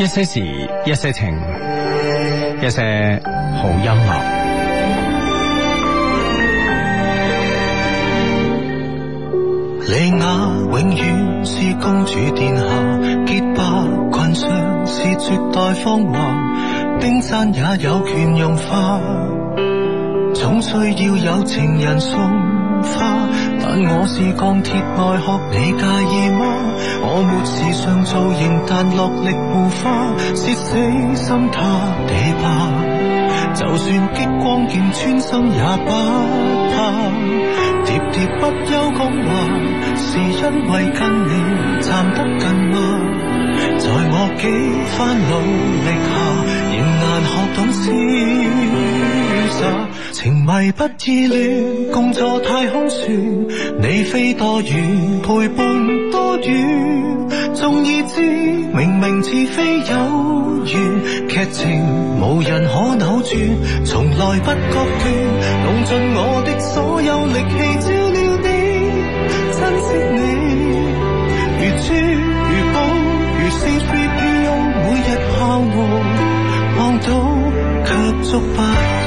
一些事，一些情，一些好音樂。莉亞永遠是公主殿下，潔白裙上是絕代芳華，冰山也有權融化，總需要有情人送花。問我是鋼鐵外殼，學你介意嗎？我沒時尚造型，但落力護花，是死心塌地吧？就算激光劍穿心也不怕，喋喋不休講話，是因為跟你站得近嗎？在我幾番努力下，仍難學懂事。情迷不自戀，共坐太空船，你飛多遠，陪伴多遠。縱已知明明似非有緣，劇情無人可扭轉，從來不覺倦。用盡我的所有力氣照料你，珍惜你，如珠如寶如翡翠般用，每日盼望望到卻觸發。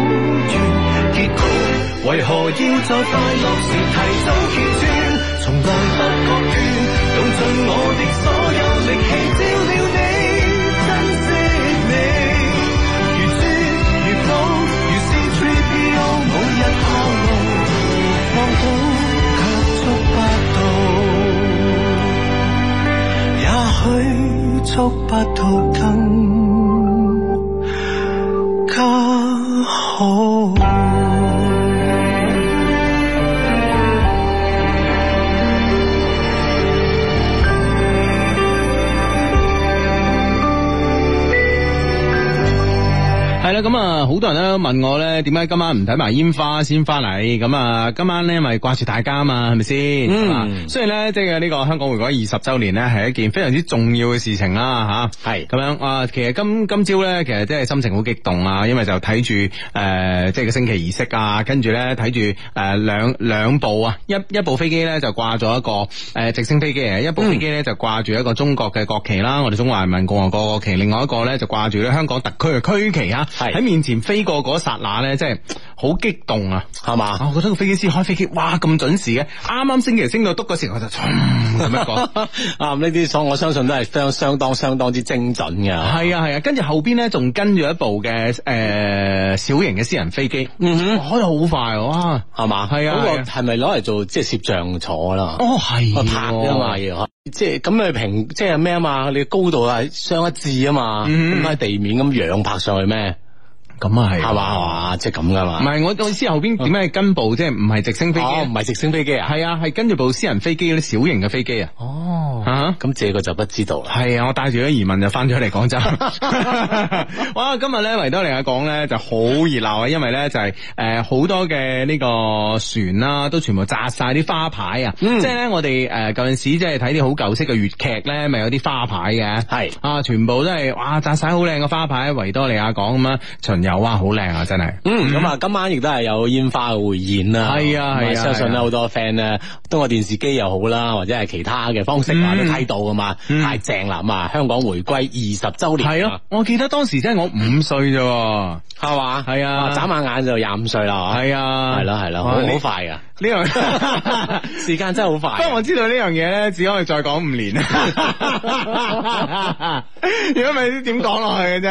為何要在快樂時提早決斷？從來不覺倦，用盡我的所有力氣照料你，珍惜你。如雪如風如絲絲雨，每日下落望到，卻觸不到。也許觸不到更。咁啊，好多人咧問我咧，點解今晚唔睇埋煙花先翻嚟？咁啊，今晚咧，因為掛住大家啊嘛，係咪先？嗯。所以咧，即係呢個香港回歸二十周年咧，係一件非常之重要嘅事情啦，吓。係。咁樣啊，其實今今朝咧，其實真係心情好激動啊，因為就睇住誒，即係個升旗儀式啊，跟住咧睇住誒，兩兩部啊，一一部飛機咧就掛咗一個誒，直升飛機啊，一部飛機咧就掛住一,一,一個中國嘅國旗啦，我哋中華人民共和國，國，國旗，另外一個咧就掛住咧香港特區嘅區旗啊。嗯喺面前飛過嗰剎那咧，真係好激動啊，係嘛吧？我覺得個飛機師開飛機，哇咁準時嘅！啱啱升旗升到篤嗰時候，我就咁樣講啊！呢啲所我相信都係相相當相當之精準嘅。係啊係啊，啊面跟住後邊咧仲跟住一部嘅誒、呃、小型嘅私人飛機，嗯、哼開得好快、啊，哇！係嘛？係啊、嗯哼！嗰個係咪攞嚟做即係攝像坐啦？哦係，拍㗎嘛！即係咁你平即係咩啊嘛？你高度係相一致啊嘛？咁喺、嗯嗯、地面咁仰拍上去咩？咁啊係，係嘛，係嘛，即係咁噶啦。唔係，我到意思後邊點解跟部即係唔係直升飛機？哦，唔係直升飛機啊？係啊，係跟住部私人飛機啲小型嘅飛機啊。哦，咁這個就不知道啦。係啊，我帶住咗疑問就翻咗嚟廣州。哇，今日咧維多利亞港咧就好熱鬧啊，因為咧就係誒好多嘅呢個船啦，都全部紮晒啲花牌啊。嗯，即係咧我哋誒舊陣時即係睇啲好舊式嘅粵劇咧，咪有啲花牌嘅。係啊，全部都係哇紮晒好靚嘅花牌喺維多利亞港咁啊巡遊。有灣好靚啊，真係。嗯，咁啊，今晚亦都係有煙花嘅匯演啦。係啊，相信咧好多 friend 咧，通過電視機又好啦，或者係其他嘅方式啊，都睇到噶嘛，太正啦啊，香港回歸二十周年。係啊，我記得當時真係我五歲咋，係嘛？係啊，眨下眼就廿五歲啦。係啊，係啦係啦，好快啊。呢樣這 時間真係好快。不過我知道呢樣嘢咧，只可以再講五年。如果唔係點講落去嘅啫？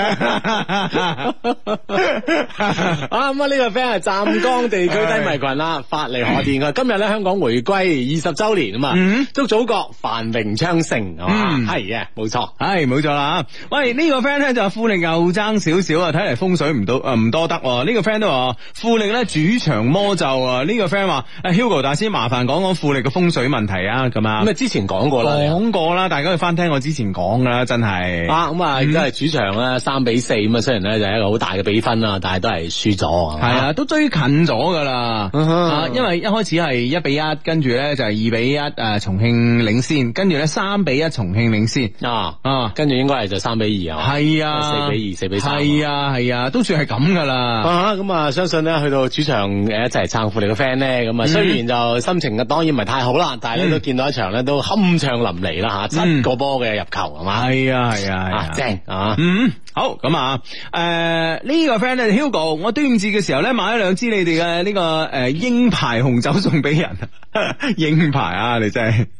啊，咁啊，呢個 friend 係湛江地區低迷群啦，發嚟賀電嘅。今日咧，香港回歸二十周年啊嘛，祝祖國繁榮昌盛，係嘛？係嘅，冇錯，係冇錯啦。喂，呢個 friend 咧就係富力又爭少少啊，睇嚟風水唔到啊，唔多得。呢個 friend 都話富力咧主場魔咒啊，呢、這個 friend 話。這個阿 Hugo，大師麻煩講講富力嘅風水問題啊！咁啊，咁啊，之前講過啦，講過啦，大家去翻聽我之前講噶啦，真係啊，咁、嗯、啊，真係主場啦，啊，三比四咁啊，雖然咧就係一個好大嘅比分啊，但係都係輸咗啊，係啊，都追近咗噶啦，因為一開始係一比一，跟住咧就係二比一，誒，重慶領先，跟住咧三比一，重慶領先，啊啊，跟住應該係就三比二啊，係啊，四比二，四比三，係啊，係啊，啊，都算係咁噶啦，咁啊、嗯，相信咧去到主場誒一齊撐富力嘅 friend 咧咁。嗯、雖然就心情嘅當然唔係太好啦，但係咧、嗯、都見到一場咧都酣暢淋漓啦嚇，七、嗯、個波嘅入球係嘛？係啊係啊，啊正啊，啊啊正啊嗯好咁啊誒呢、呃呢個 friend 咧 Hugo，我端午節嘅時候咧買咗兩支你哋嘅呢個誒、呃、鷹牌紅酒送俾人， 鷹牌啊你真係～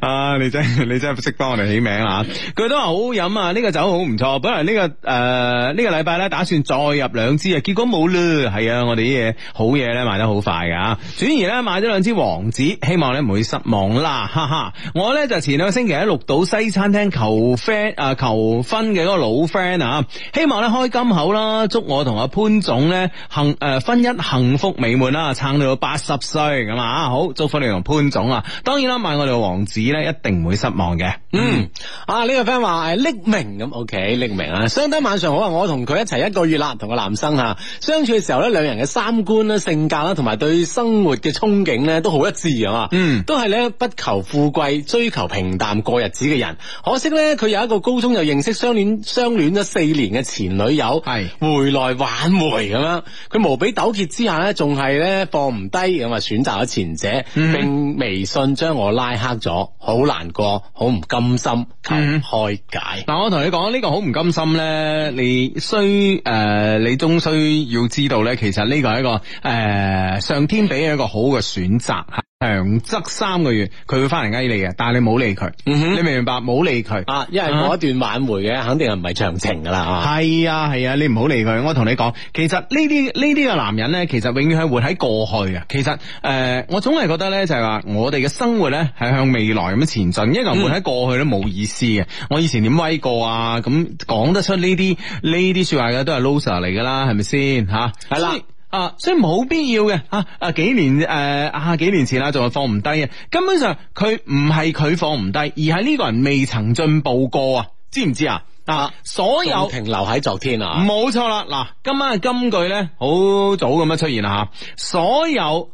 啊！ 你真係你真係唔識幫我哋起名啊！佢都話好好飲啊，呢個酒好唔錯。本來呢，呢個誒呢，呃呢個禮拜咧，打算再入兩支啊，結果冇嘞。係啊，我哋啲嘢好嘢咧，賣得好快噶。轉而咧買咗兩支王子，希望你唔會失望啦。哈 哈！我咧就前兩個星期喺綠島西餐廳求 friend 啊求婚嘅嗰個老 friend 啊，希望咧開金口啦，祝我同阿潘總咧幸誒婚姻幸福美滿啦，撐到八十歲咁啊！好，祝福你同潘總啊！當然啦，買我哋個王。王子呢一定唔會失望嘅。嗯，啊呢個 friend 話誒匿名咁，OK 匿名啊。相等晚上好啊，我同佢一齊一個月啦，同個男生吓相處嘅時候呢，兩人嘅三觀啦、性格啦，同埋對生活嘅憧憬呢，都好一致啊嘛，嗯，都係呢，不求富貴，追求平淡過日子嘅人。可惜呢，佢有一個高中就認識相戀相戀咗四年嘅前女友，係是回來挽回咁樣。佢無比糾結之下呢，仲係呢，放唔低，咁啊選擇咗前者，並微信將我拉黑。好難過，好唔甘心求開解。嗱、嗯，我同你講呢、這個好唔甘心咧，你需誒、呃，你終需要知道咧，其實呢個係一個誒、呃、上天俾一個好嘅選擇。長則三個月，佢會翻嚟，求你嘅。但係你冇理佢，嗯、哼你明唔明白？冇理佢啊，因為嗰一段挽回嘅，肯定係唔係長情噶啦吓。係啊係啊，啊，你唔好理佢。我同你講，其實呢啲呢啲嘅男人呢，其實永遠係活喺過去啊。其實誒，我總係覺得呢，就係話我哋嘅生活呢，係向未來咁樣前進，因為活喺過去都冇意思嘅。嗯、我以前點威過啊？咁講得出呢啲呢啲說話嘅都係 loser 嚟噶啦，係咪先吓？係啦的。啊，所以冇必要嘅啊啊！幾年誒、呃、啊，幾年前啦，仲係放唔低嘅，根本上佢唔係佢放唔低，而係呢個人未曾進步過啊！知唔知啊？啊，所有停留喺昨天啊，冇錯啦！嗱，今晚嘅金句咧，好早咁樣出現啦吓，所有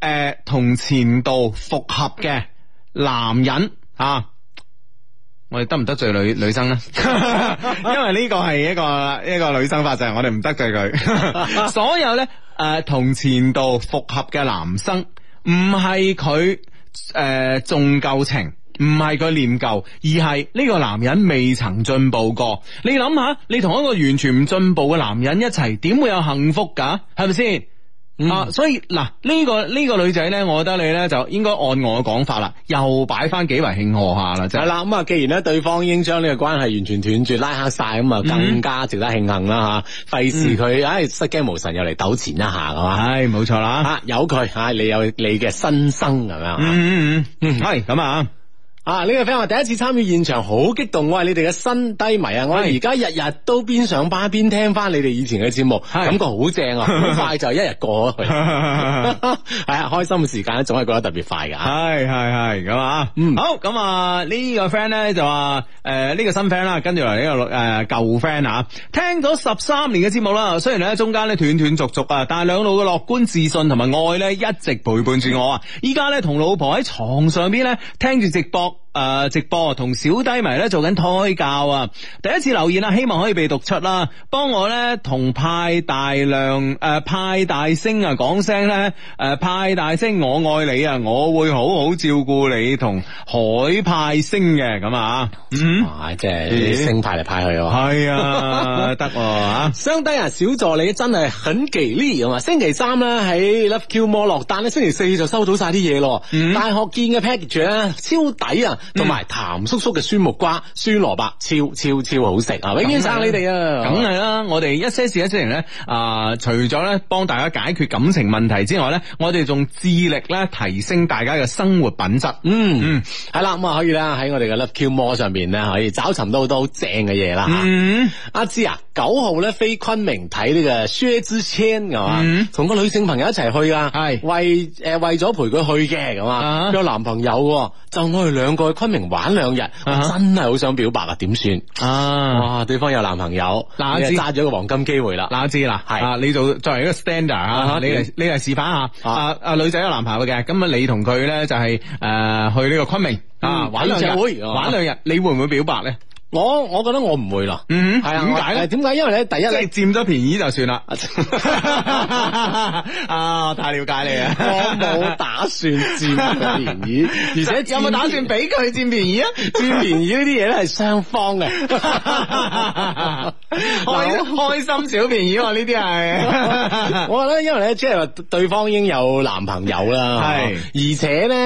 誒同前度復合嘅男人啊。我哋得唔得罪女女生呢？ 因為呢個係一個一個女生發誓，我哋唔得罪佢。 所有咧誒，同、呃、前度復合嘅男生，唔係佢誒重舊情，唔係佢念舊，而係呢個男人未曾進步過。你諗下，你同一個完全唔進步嘅男人一齊，點會有幸福㗎？係咪先？嗯、啊，所以嗱呢、這個呢、這個女仔咧，我覺得你咧就應該按我嘅講法啦，又擺翻幾圍慶賀下啦，即係啦。咁啊、嗯，既然咧對方已經將呢個關係完全斷絕拉黑晒，咁啊更加值得慶幸啦吓，費事佢唉失驚無神又嚟糾纏一下噶嘛。唉、啊，冇、哎、錯啦，啊、有佢吓、啊，你有你嘅新生咁樣嗯嗯嗯嗯，係、嗯、咁、嗯哎、啊。啊！呢個 friend 話第一次參與現場，好激動。我話你哋嘅新低迷啊！是我而家日日都邊上班邊聽翻你哋以前嘅節目，是感覺好正啊！ 快就一日過咗去，係啊 哈！ 開心嘅時間總係過得特別快噶。係係係咁啊！嗯，好咁啊！呢、這個 friend 咧就話誒呢個新 friend 啦，跟住嚟呢個誒舊 friend 啊，聽咗十三年嘅節目啦。雖然咧中間咧斷斷續續啊，但係兩老嘅樂觀自信同埋愛咧一直陪伴住我啊！依家咧同老婆喺床上邊咧聽住直播。誒，直播同小低迷咧做緊胎教啊！第一次留言啊，希望可以被讀出啦。幫我咧同派大量誒、呃、派大星啊講聲咧誒、呃、派大星「我愛你」啊，我會好好照顧你同海派星嘅咁啊嗯，哇、啊，即、就、係、是、星派嚟派去係、嗯、是啊。 得啊！低人 小助理真係肯給力啊嘛！星期三咧喺 Love Q 摩落單咧，星期四就收到晒啲嘢咯。嗯、大學見嘅 package 咧超抵啊，同埋譚叔叔嘅酸木瓜、酸蘿蔔超超超好食啊！永堅生你哋啊，梗係啦！我哋一些事一些情咧啊，除咗咧幫大家解決感情問題之外咧，我哋仲致力咧提升大家嘅生活品質。嗯，係、嗯、啦，咁啊可以啦，喺我哋嘅 Love Q 摩上邊咧，可以找尋到好多好正嘅嘢啦。阿芝啊！啊啊九號咧飛昆明睇呢個薛之謙，係嘛？同個女性朋友一齊去啊？係為誒為咗陪佢去嘅，咁啊有男朋友，就我哋兩個去昆明玩兩日，我真係好想表白啊，點算啊？哇！對方有男朋友，嗱，揸咗個黃金機會啦，嗱，我知啦，係啊，你就作為一個 standard 啊，你嚟你嚟示範下，啊啊女仔有男朋友嘅，咁啊你同佢咧就係誒去呢個昆明啊玩兩日，玩兩日你會唔會表白咧？我我覺得我唔會咯，係啊、嗯。點解咧？點解？因為咧，第一你佔咗便宜就算啦。 啊，太了解你啊！我冇打算佔個便宜， 佔而且有冇打算俾佢佔便宜啊？占 便宜呢啲嘢咧係雙方嘅，開 開心小便宜喎。呢啲係我覺得，因為咧即係話對方已經有男朋友啦，係是，而且咧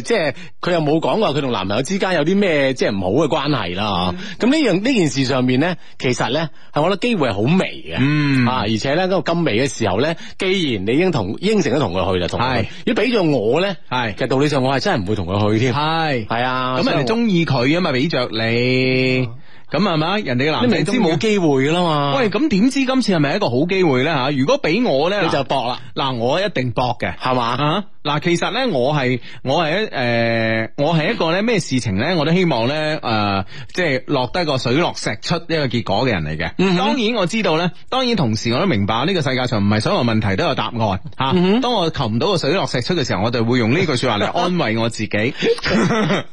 誒，即係佢又冇講話佢同男朋友之間有啲咩即係唔好嘅關係啦 咁呢樣呢件事上面咧，其實咧係我覺得機會係好微嘅。嗯、啊，而且咧嗰個咁微嘅時候咧，既然你已經同應承咗同佢去啦，係是，如果俾咗我咧，係是，其實道理上我係真係唔會同佢去添，係是，係、嗯、啊，咁人哋中意佢啊嘛，俾着你。嗯咁係嘛，人哋嘅男明知冇機會噶啦嘛。喂，咁點知今次係咪一個好機會咧吓？如果俾我咧，你就搏啦。嗱，我一定搏嘅，係嘛吓。嗱，其實咧，我係我係一誒，我係、呃、一個咧咩事情咧，我都希望咧誒，即、呃、係、就是、落得個水落石出呢個結果嘅人嚟嘅。嗯、哼當然我知道咧，當然同時我都明白呢、這個世界上唔係所有問題都有答案吓。啊嗯、哼當我求唔到個水落石出嘅時候，我就會用呢句說話嚟安慰我自己。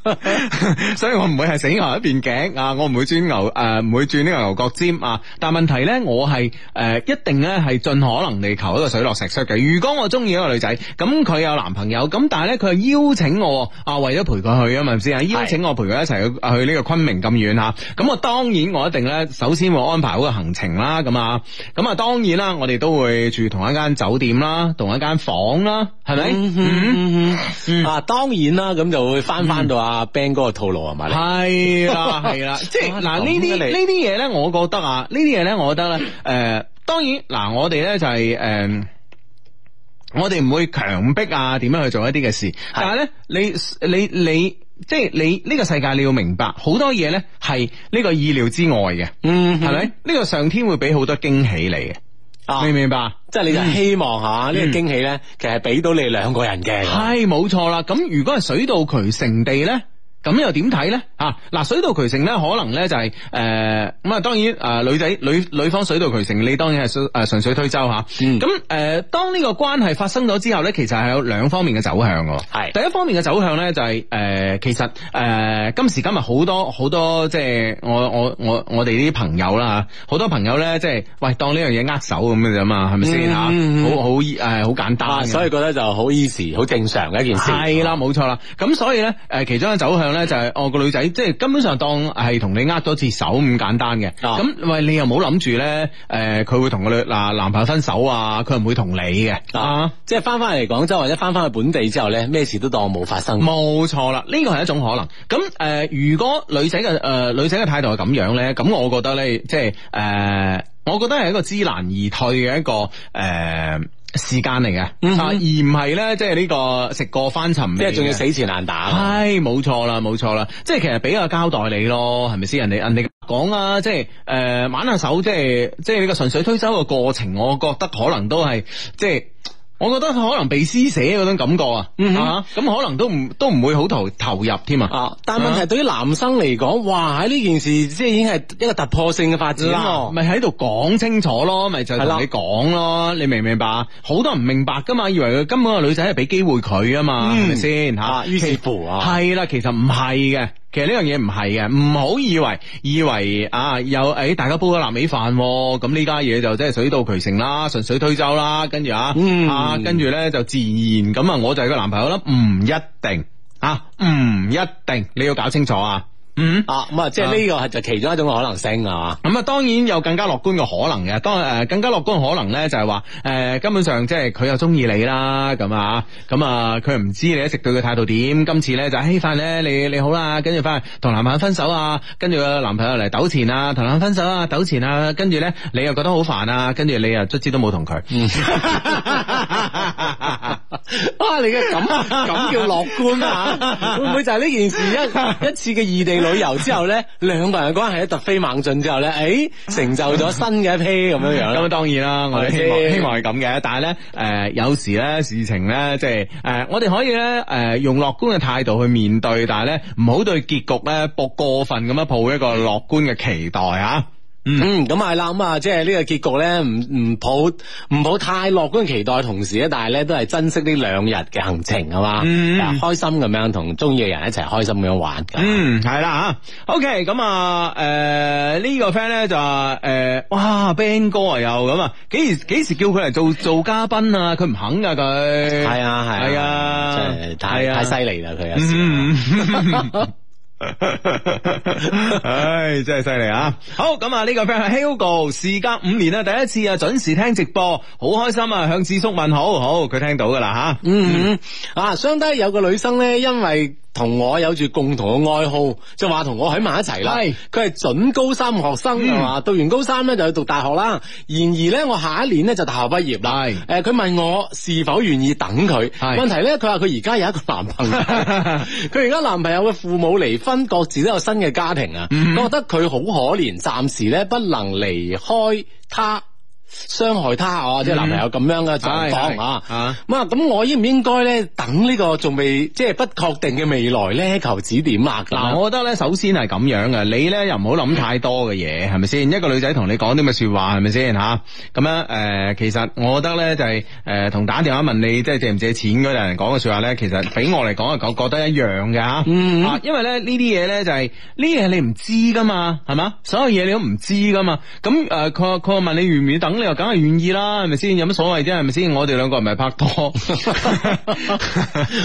所以我唔會係死牛一邊頸啊，我唔會專。牛誒唔會轉呢個牛角尖啊！但係問題咧，我係誒一定咧係盡可能地求一個水落石出嘅。如果我中意一個女仔，咁佢有男朋友，咁但係咧佢係邀請我啊，為咗陪佢去啊，係咪先啊？邀請我陪佢一齊去去呢個昆明咁遠吓，咁我當然我一定咧，首先會安排好個行程啦。咁啊，咁啊，當然啦，我哋都會住同一間酒店啦，同一間房啦，係咪？嗯啊，當然啦，咁就會翻翻到阿 Ben 哥嘅套路係咪？係啦，係啦，即係呢啲呢啲嘢咧，你我覺得啊，呢啲嘢咧，我覺得咧，誒、呃，當然嗱，我哋咧就係、是、誒、呃，我哋唔會強迫啊，點樣去做一啲嘅事。是但係咧，你你你，即、就、係、是、你呢、這個世界，你要明白好多嘢咧，係呢個意料之外嘅。嗯哼，係咪？呢、這個上天會俾好多驚喜、啊、你嘅。明唔明白？即係你就希望嚇呢、嗯、個驚喜咧，其實係俾到你兩個人嘅。係冇錯啦。咁如果係水到渠成地咧？咁 又點睇咧？嚇、啊、嗱，水到渠成咧，可能咧就係誒咁啊。當然誒、呃，女仔女、呃、女方水到渠成，你當然係誒順水推舟嚇。咁 誒楽、呃，當呢個關係發生咗之後咧，其實係有兩方面嘅走向嘅。係第一方面嘅走向咧、就是，就係誒其實誒、呃、今時今日好多好多即係、就是、我我我我哋啲朋友啦嚇，好多朋友咧即係喂當呢樣嘢握手咁樣啫嘛，係咪先嚇？好好誒、啊、好簡單、啊，所以覺得就好 easy，好正常嘅一件事。係啦、啊，冇錯啦。咁、嗯、所以咧誒，其中嘅走向就係哦，個女仔即係根本上是當係同你握咗次手咁簡單嘅。咁、啊、喂你又冇好諗住咧，誒、呃、佢會同個女嗱男朋友分手啊，佢唔會同你嘅，啊啊、即係翻翻嚟廣州或者翻翻去本地之後咧，咩事都當冇發生，冇錯啦，呢個係一種可能。咁誒、呃、如果女仔嘅誒女仔嘅態度係咁樣咧，咁我覺得咧即係誒、呃，我覺得係一個知難而退嘅一個誒。時間嚟嘅，嗯、哼而唔係咧，即係呢個食過翻尋味，即係仲要死纏爛打。係，冇錯啦，冇錯啦，即係其實俾個交代你咯，係咪先？人哋人哋講啊，即係誒、呃、玩下手即，即係即係呢個順水推舟嘅過程，我覺得可能都係即係。我覺得佢可能被施捨嗰種感覺啊，吓咁可能都唔都唔會好投投入添啊。但係問題對於男生嚟講，哇喺呢件事即係已經係一個突破性嘅發展咯。咪喺度講清楚咯，咪就同了你講咯，你明唔明白？好多人唔明白噶嘛，以為佢根本個女仔係俾機會佢啊嘛，係咪先吓？於是乎，啊，係啦，啊啊，其實唔係嘅。其實呢樣嘢唔係嘅，唔好以為以為啊有誒、哎、大家煲咗臘味飯咁、哦、呢家嘢就真係水到渠成啦，順水推舟啦，跟住啊啊，跟住、嗯啊、呢就自然咁啊，我就係個男朋友啦，唔一定啊，唔、嗯、一定，你要搞清楚啊。嗯啊，咁啊，即係呢個就其中一種可能性啊，咁啊，當然有更加樂觀嘅可能嘅，當誒、呃、更加樂觀嘅可能咧，就係話誒根本上即係佢又中意你啦，咁啊，咁啊，佢又唔知你一直對佢態度點，今次咧就係、稀飯咧，你你好啦，跟住翻去同男朋友分手啊，跟住個男朋友嚟糾纏啊，同男朋友分手啊，糾纏啊，跟住咧你又覺得好煩啊，跟住你又卒之都冇同佢。嗯 哇、啊！你嘅咁咁叫樂觀啊？ 會唔會就係呢件事一一次嘅異地旅遊之後咧，兩個人嘅關係咧突飛猛進之後咧，誒、哎，成就咗新嘅一批咁樣樣咁 當然啦，我哋希望 Okay. 希望係咁嘅。但係咧誒，有時咧事情咧即係誒，我哋可以咧誒、呃、用樂觀嘅態度去面對，但係咧唔好對結局咧博過分咁樣抱一個樂觀嘅期待啊。嗯，咁係啦，咁啊，即係呢個結局咧，唔唔抱唔抱太樂觀期待，同時咧，但係咧都係珍惜呢兩日嘅行程係嘛？開心咁樣同中意嘅人一齊開心咁樣玩。嗯，係啦吓，OK，咁啊，誒呢個 friend 咧就話，誒，哇，Ben 哥啊又咁啊，幾幾時叫佢嚟做做嘉賓啊？佢唔肯噶佢，係啊係啊，真係太太犀利啦佢有時。唉、 哎，真係犀利啊！好咁啊，呢、這個 friend 係 Hugo，事隔五年啦，第一次啊準時聽直播，好開心啊！向智叔問好好，佢聽到噶啦吓，嗯嗯，嗯啊，相低有個女生呢，因為同我有住共同嘅愛好，就話同我喺埋一齊啦。佢係是準高三學生啊嘛，嗯、讀完高三呢就去讀大學啦。然而呢，我下一年呢就大學畢業啦。係誒是，佢、呃、問我是否願意等佢？係是問題呢，佢話佢而家有一個男朋友，佢而家男朋友嘅父母離。分各自都有新嘅家庭啊，mm hmm. 覺得佢好可憐，暫時咧不能離開他。傷害他哦，即係男朋友咁樣嘅狀況啊，咁啊咁，嗯嗯嗯嗯嗯、我應唔應該咧等呢個仲未即係、就是、不確定嘅未來咧？求指點啊！嗱，我覺得咧，首先係咁樣嘅，你咧又唔好諗太多嘅嘢，係咪先？一個女仔同你講啲咁嘅說話，係咪先吓？咁樣誒，其實我覺得咧就係誒，同打電話問你即係借唔借錢嗰人講嘅說話咧，其實俾我嚟講啊，覺覺得一樣嘅吓，嗯，因為咧呢啲嘢咧就係呢啲嘢你唔知噶嘛，係嘛，所有嘢你都唔知噶嘛，咁誒佢佢問你願唔願等。你又梗係願意啦，係咪先？有乜所謂啫？係咪先？我哋兩個唔係拍拖，唔係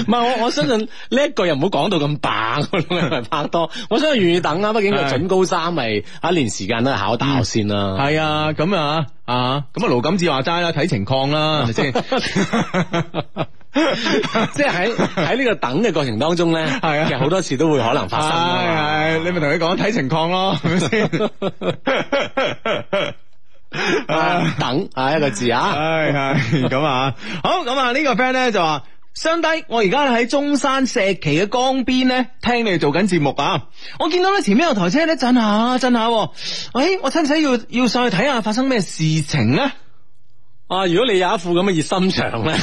我我，相信呢一個又唔好講到咁白，唔係拍拖。我相信願意等啦，畢竟佢準高三咪一年時間都係考大學先啦。係啊，咁啊啊，咁啊盧錦志話齋睇情況啦，係咪先？即係喺喺呢個等嘅過程當中咧，其實好多事都會可能發生。係你咪同佢講睇情況咯，係咪先？ 啊等啊一個字啊，係係咁啊，好。咁啊呢個 friend 咧就話，兄弟我而家喺中山石岐嘅江邊咧聽你哋做緊節目啊，我見到咧前面有台車，咧震下震下，喂、哎，我使唔使要要上去睇下發生咩事情咧？啊！如果你有一副咁嘅熱心腸咧，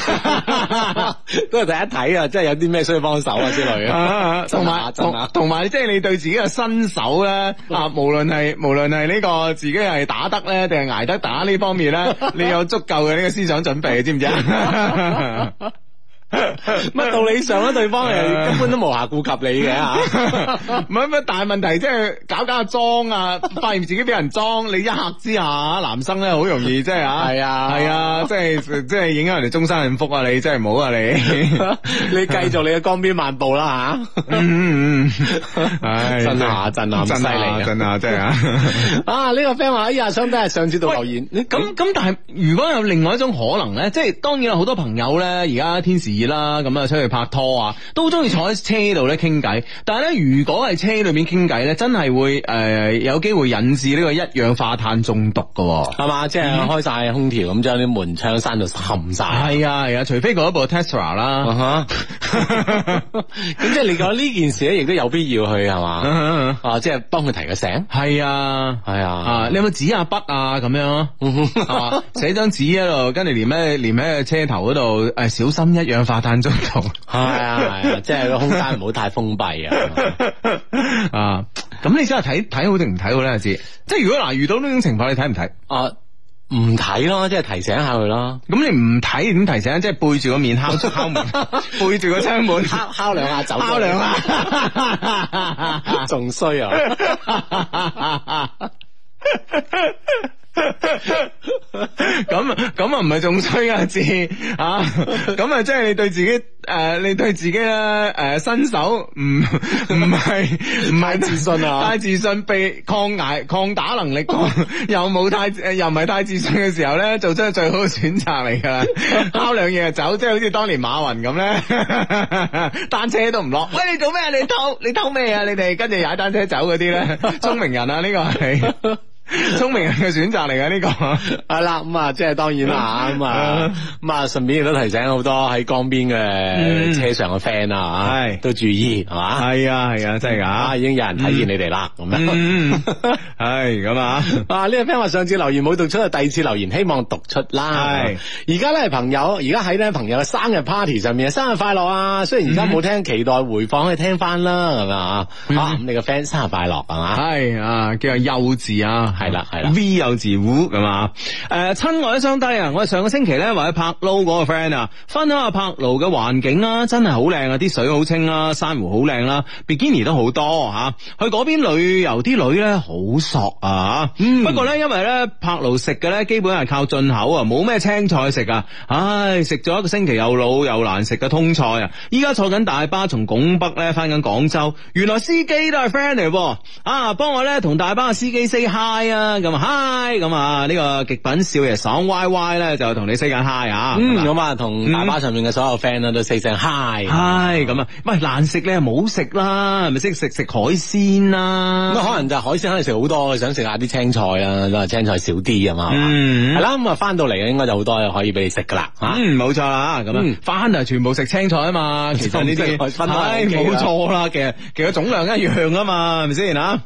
都係第一睇啊！即係有啲咩需要幫手啊之類啊。同埋同埋即係你對自己嘅身手咧 啊，無論係無論係呢個自己係打得咧，定係捱得打呢方面咧， 你有足夠嘅呢個思想準備，知唔知啊？ 乜 道理上咧？對方誒，根本都無暇顧及你嘅，吓，唔係乜大問題，即係搞搞下裝啊！發現自己俾人裝，你一吓之下，男生咧好容易即係 啊，係啊，係啊，即係即係影響人哋終生幸福啊！你真係唔好啊！你 你繼續你嘅江邊漫步啦吓，真啊真啊真犀利真啊真啊，啊、這、呢個 friend 話，哎呀，想睇下上次度留言，咁咁喂、嗯、但係如果有另外一種可能咧，即係當，當然有好多朋友咧，而家天時。啦咁啊，出 去拍拖啊，都中意坐喺車度咧傾偈。但係咧，如果喺車裏面傾偈咧，真係會誒、呃、有機會引致呢個一氧化碳中毒嘅、哦，係嘛？即、就、係、是、開晒空調咁，將啲門窗閂到冚晒。係啊係啊，除非嗰一部 Tesla 啦。咁即係你講呢件事咧，亦都有必要去係嘛？啊，即係幫佢提個醒。係啊係啊，你有冇紙啊筆啊咁樣啊？寫張紙喺度，跟住連咩連咩車頭嗰度誒，小心一氧化化碳中毒，係啊係啊，啊，啊，啊，啊，啊，即係個空間唔好太封閉啊。啊，咁你真係睇睇好定唔睇好咧？阿知，即係如果嗱遇到呢種情況，你睇唔睇？啊，唔睇咯，即係提醒下佢啦。咁你唔睇點提醒？即係背住個面敲門窗門，背住個窗門敲敲兩下走，敲兩下，仲衰啊！咁咁 啊，唔係仲衰啊字啊！咁啊，即係你對自己誒、呃，你對自己咧誒，身、呃、手唔唔係唔係自信啊，呃、太自信，自信被抗挨抗打能力又冇太，又唔係太自信嘅時候咧，做出最好嘅選擇嚟噶啦，拋兩嘢走，即係好似當年馬雲咁咧， 單車都唔落。 喂，你做咩？你偷？你偷咩啊？你哋跟住踩單車走嗰啲咧，聰明人啊，呢、這個係。 聰明人嘅選擇嚟噶，呢個係啦，咁啊，即係當然啦，咁啊，咁啊，順便亦都提醒好多喺江邊嘅車上嘅 friend 啊，係都注意係嘛？係啊，係啊，真係啊，已經有人睇見你哋啦，咁樣，係，咁啊，啊呢個 friend 話上次留言冇讀出，第二次留言希望讀出啦，係，而家咧係朋友，而家喺咧朋友嘅生日 party 上面，生日快樂啊！雖然而家冇聽，期待回放可以聽翻啦，係嘛啊，咁你個 friend 生日快樂，係嘛？係啊，叫佢幼稚啊！係啦係啦，V 幼字糊咁啊！誒、呃，親愛嘅兄弟啊，我哋上個星期咧，為咗柏勞嗰個 friend 啊，分享下柏勞嘅環境啦、啊，真係好靚啊，啲水好清啦、啊，珊瑚好靚啦，比基尼都好多吓、啊。去嗰邊旅遊啲女咧好索啊，嗯、不過咧因為咧柏勞食嘅咧，基本係靠進口啊，冇咩青菜食啊。唉，食咗一個星期又老又難食嘅通菜啊！依家坐緊大巴從拱北咧翻緊廣州，原來司機都係 friend 嚟，啊，幫我咧同大巴嘅司機 say hi。咁啊 Hi 咁啊呢個極品少爺爽歪歪咧就同你 say 緊 Hi 啊，咁啊同大巴上面嘅所有 friend 咧都 say 聲 Hi，Hi 咁啊，喂難食咧冇食啦，係咪識食食海鮮啦？咁啊可能就海鮮可能食好多，想食下啲青菜啊，都係青菜少啲啊嘛，係啦，咁啊翻到嚟應該就好多可以俾你食噶啦，嗯，冇錯啦，咁樣翻啊全部食青菜啊嘛，其實呢啲，唉，冇錯啦，其實其實總量一樣啊嘛，係咪先啊？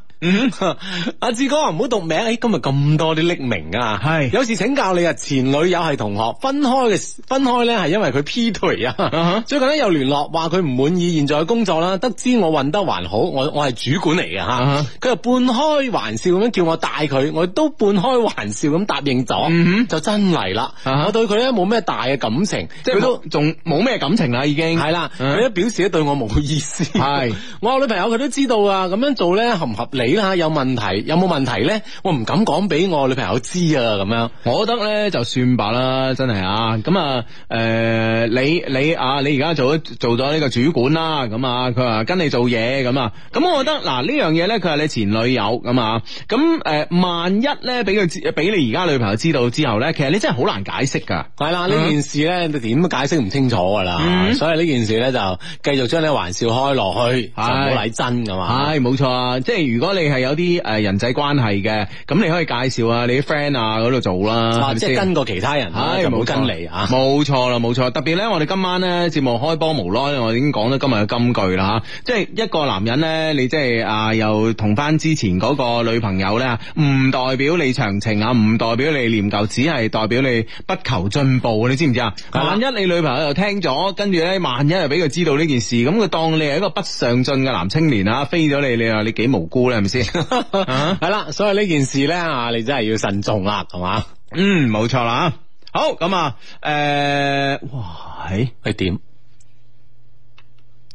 阿志哥唔好讀名，哎，今日咁多啲匿名啊，係，有事請教你啊。前女友係同學，分開嘅分開咧係因為佢劈腿啊，最近呢又聯絡，話佢唔滿意現在嘅工作啦，得知我運得還好，我我係主管嚟嘅吓，佢又半開玩笑咁樣叫我帶佢，我都半開玩笑咁答應咗，就真嚟啦，我對佢咧冇咩大嘅感情，即係佢都仲冇咩感情啦，已經係啦，佢都表示咗對我冇意思，係，我女朋友佢都知道啊，咁樣做咧合唔合理？睇下、嗯、有問題有冇問題咧？我、哦、唔敢講俾我女朋友知啊，咁樣，我覺得咧就算吧啦，真係啊。咁、嗯、啊，誒、呃、你你啊，你而家做咗做咗呢個主管啦，咁啊，佢話、啊、跟你做嘢咁啊，咁我覺得嗱呢樣嘢、啊、咧，佢係、啊、你前女友咁啊，咁誒萬一咧俾佢知，俾你而家女朋友知道之後咧，其實你真係好難解釋㗎。係啦，呢件事咧你點、嗯、解釋唔清楚㗎啦。所以呢件事咧就繼續將你玩笑開落去，就唔好理真㗎嘛。係冇錯啊，即係如果你。你係有啲誒人際關係嘅，咁你可以介紹下你啲 friend 啊嗰度做啦，或者跟過其他人，就冇跟嚟啊，冇錯啦，冇錯。特別咧，我哋今晚咧節目開波無耐，我已經講咗今日嘅金句啦吓，即係一個男人咧，你即係啊又同翻之前嗰個女朋友咧，唔代表你長情啊，唔代表你念舊，只係代表你不求進步啊，你知唔知啊？萬一你女朋友又聽咗，跟住咧萬一又俾佢知道呢件事，咁佢當你係一個不上進嘅男青年啊，飛咗你，你話你幾無辜咧？係啦，所以呢件事咧，你真係要慎重啦，係嘛？嗯，冇錯啦。好，咁啊，誒、呃，哇，係係點？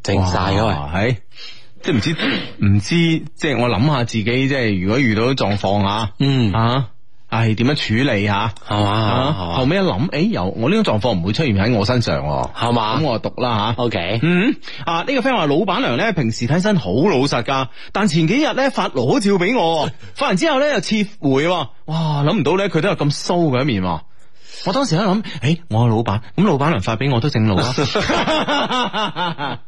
整晒啊喂， 即係唔知唔知，即係我諗下自己，即係如果遇到啲狀況啊，嗯啊。係點樣處理吓，係嘛吧、啊？後尾一諗，誒、欸，有我呢種狀況唔會出現喺我身上，係嘛吧？咁、啊、我就讀啦吓。啊、o Okay . K，嗯，啊，呢、這個 friend 話老闆娘咧平時睇身好老實噶，但前幾日咧發裸照俾我，發完之後咧又撤回，哇，諗唔到咧佢都有咁騷嘅一面。我當時一諗，誒、欸，我係老闆，咁老闆娘發俾我都正路啊。」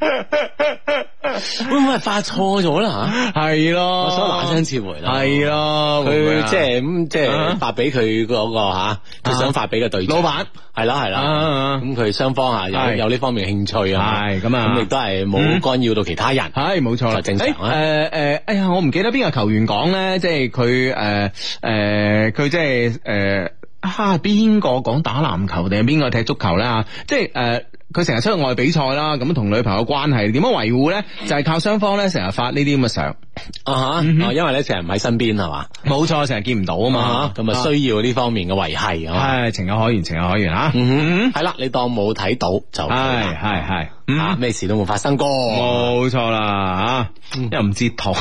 會唔會係，發錯咗啦吓，係咯，我想話聲撤回啦，係咯，佢即係咁，即係、就是就是、發俾佢嗰個吓，佢、啊啊就是、想發俾嘅對象，老闆係啦係啦，咁佢雙方吓有有呢方面嘅興趣的啊，係咁啊，咁亦都係冇干擾到其他人，係冇錯啦，錯正常誒、啊、誒，哎呀、欸呃呃呃呃，我唔記得邊個球員講咧，即係佢誒誒，佢即係誒，哈、呃，邊個講打籃球定係邊個踢足球咧即係誒。就是呃佢成日出去外比賽啦，咁同女朋友關係點樣維護咧？就係靠雙方咧成日發呢啲咁嘅相啊吓，因為你成日唔喺身邊係嘛，冇錯，成日見唔到啊嘛，咁咪需要呢方面嘅維繫啊，係情有可原，情有可原啊，係啦，你當冇睇到就係係係，啊咩事都冇發生過，冇錯啦，吓又唔知痛，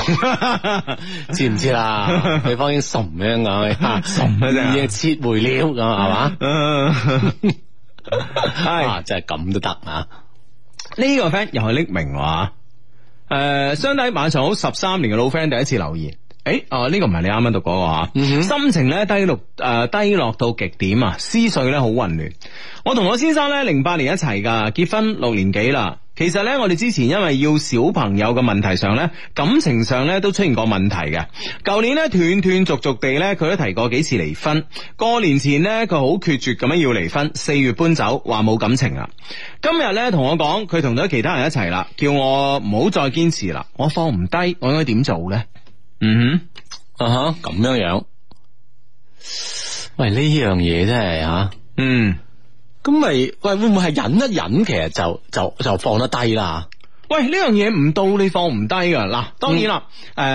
知唔知啦？對方已經慫咁樣嘅吓，已經撤回了咁係嘛？係、 啊，真係咁都得啊！呢個 friend 又係匿名話，誒、呃，相睇晚上好十三年嘅老 friend 第一次留言。誒，哦、哎，呢、啊這個唔係你啱啱讀嗰、那個吓，嗯、哼心情咧低落，誒、呃、低落到極點啊，思緒咧好混亂。我同我先生咧零八年一齊㗎，結婚六年幾啦。其實咧，我哋之前因為要小朋友嘅問題上咧，感情上咧都出現過問題嘅。舊年咧斷斷續續地咧，佢都提過幾次離婚。過年前咧，佢好決絕咁樣要離婚，四月搬走，話冇感情啦。今日咧同我講，佢同咗其他人一齊啦，叫我唔好再堅持啦，我放唔低，我應該點做咧？嗯哼，啊哈，咁樣樣、啊嗯，喂，呢樣嘢真係吓，嗯，咁咪喂會唔會係忍一忍，其實就就就放得低啦？喂，呢樣嘢唔到你放唔低噶，嗱，當然啦，誒、嗯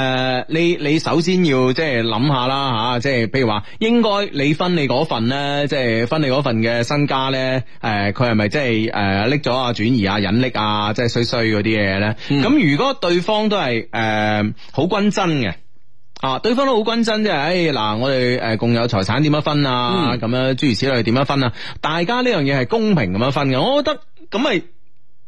呃，你你首先要即係諗下啦，吓、啊，即係譬如話應該你分你嗰份咧，即、就、係、是、分你嗰份嘅身家咧，誒、呃，佢係咪即係誒，拎咗啊，轉移啊，隱匿啊，即係衰衰嗰啲嘢咧？咁、嗯、如果對方都係誒好均真嘅，啊，對方都好均真，即、哎、係，誒，嗱，我哋誒共有財產點樣分啊？咁樣諸如此類點樣分啊？大家呢樣嘢係公平咁樣分嘅，我覺得咁咪。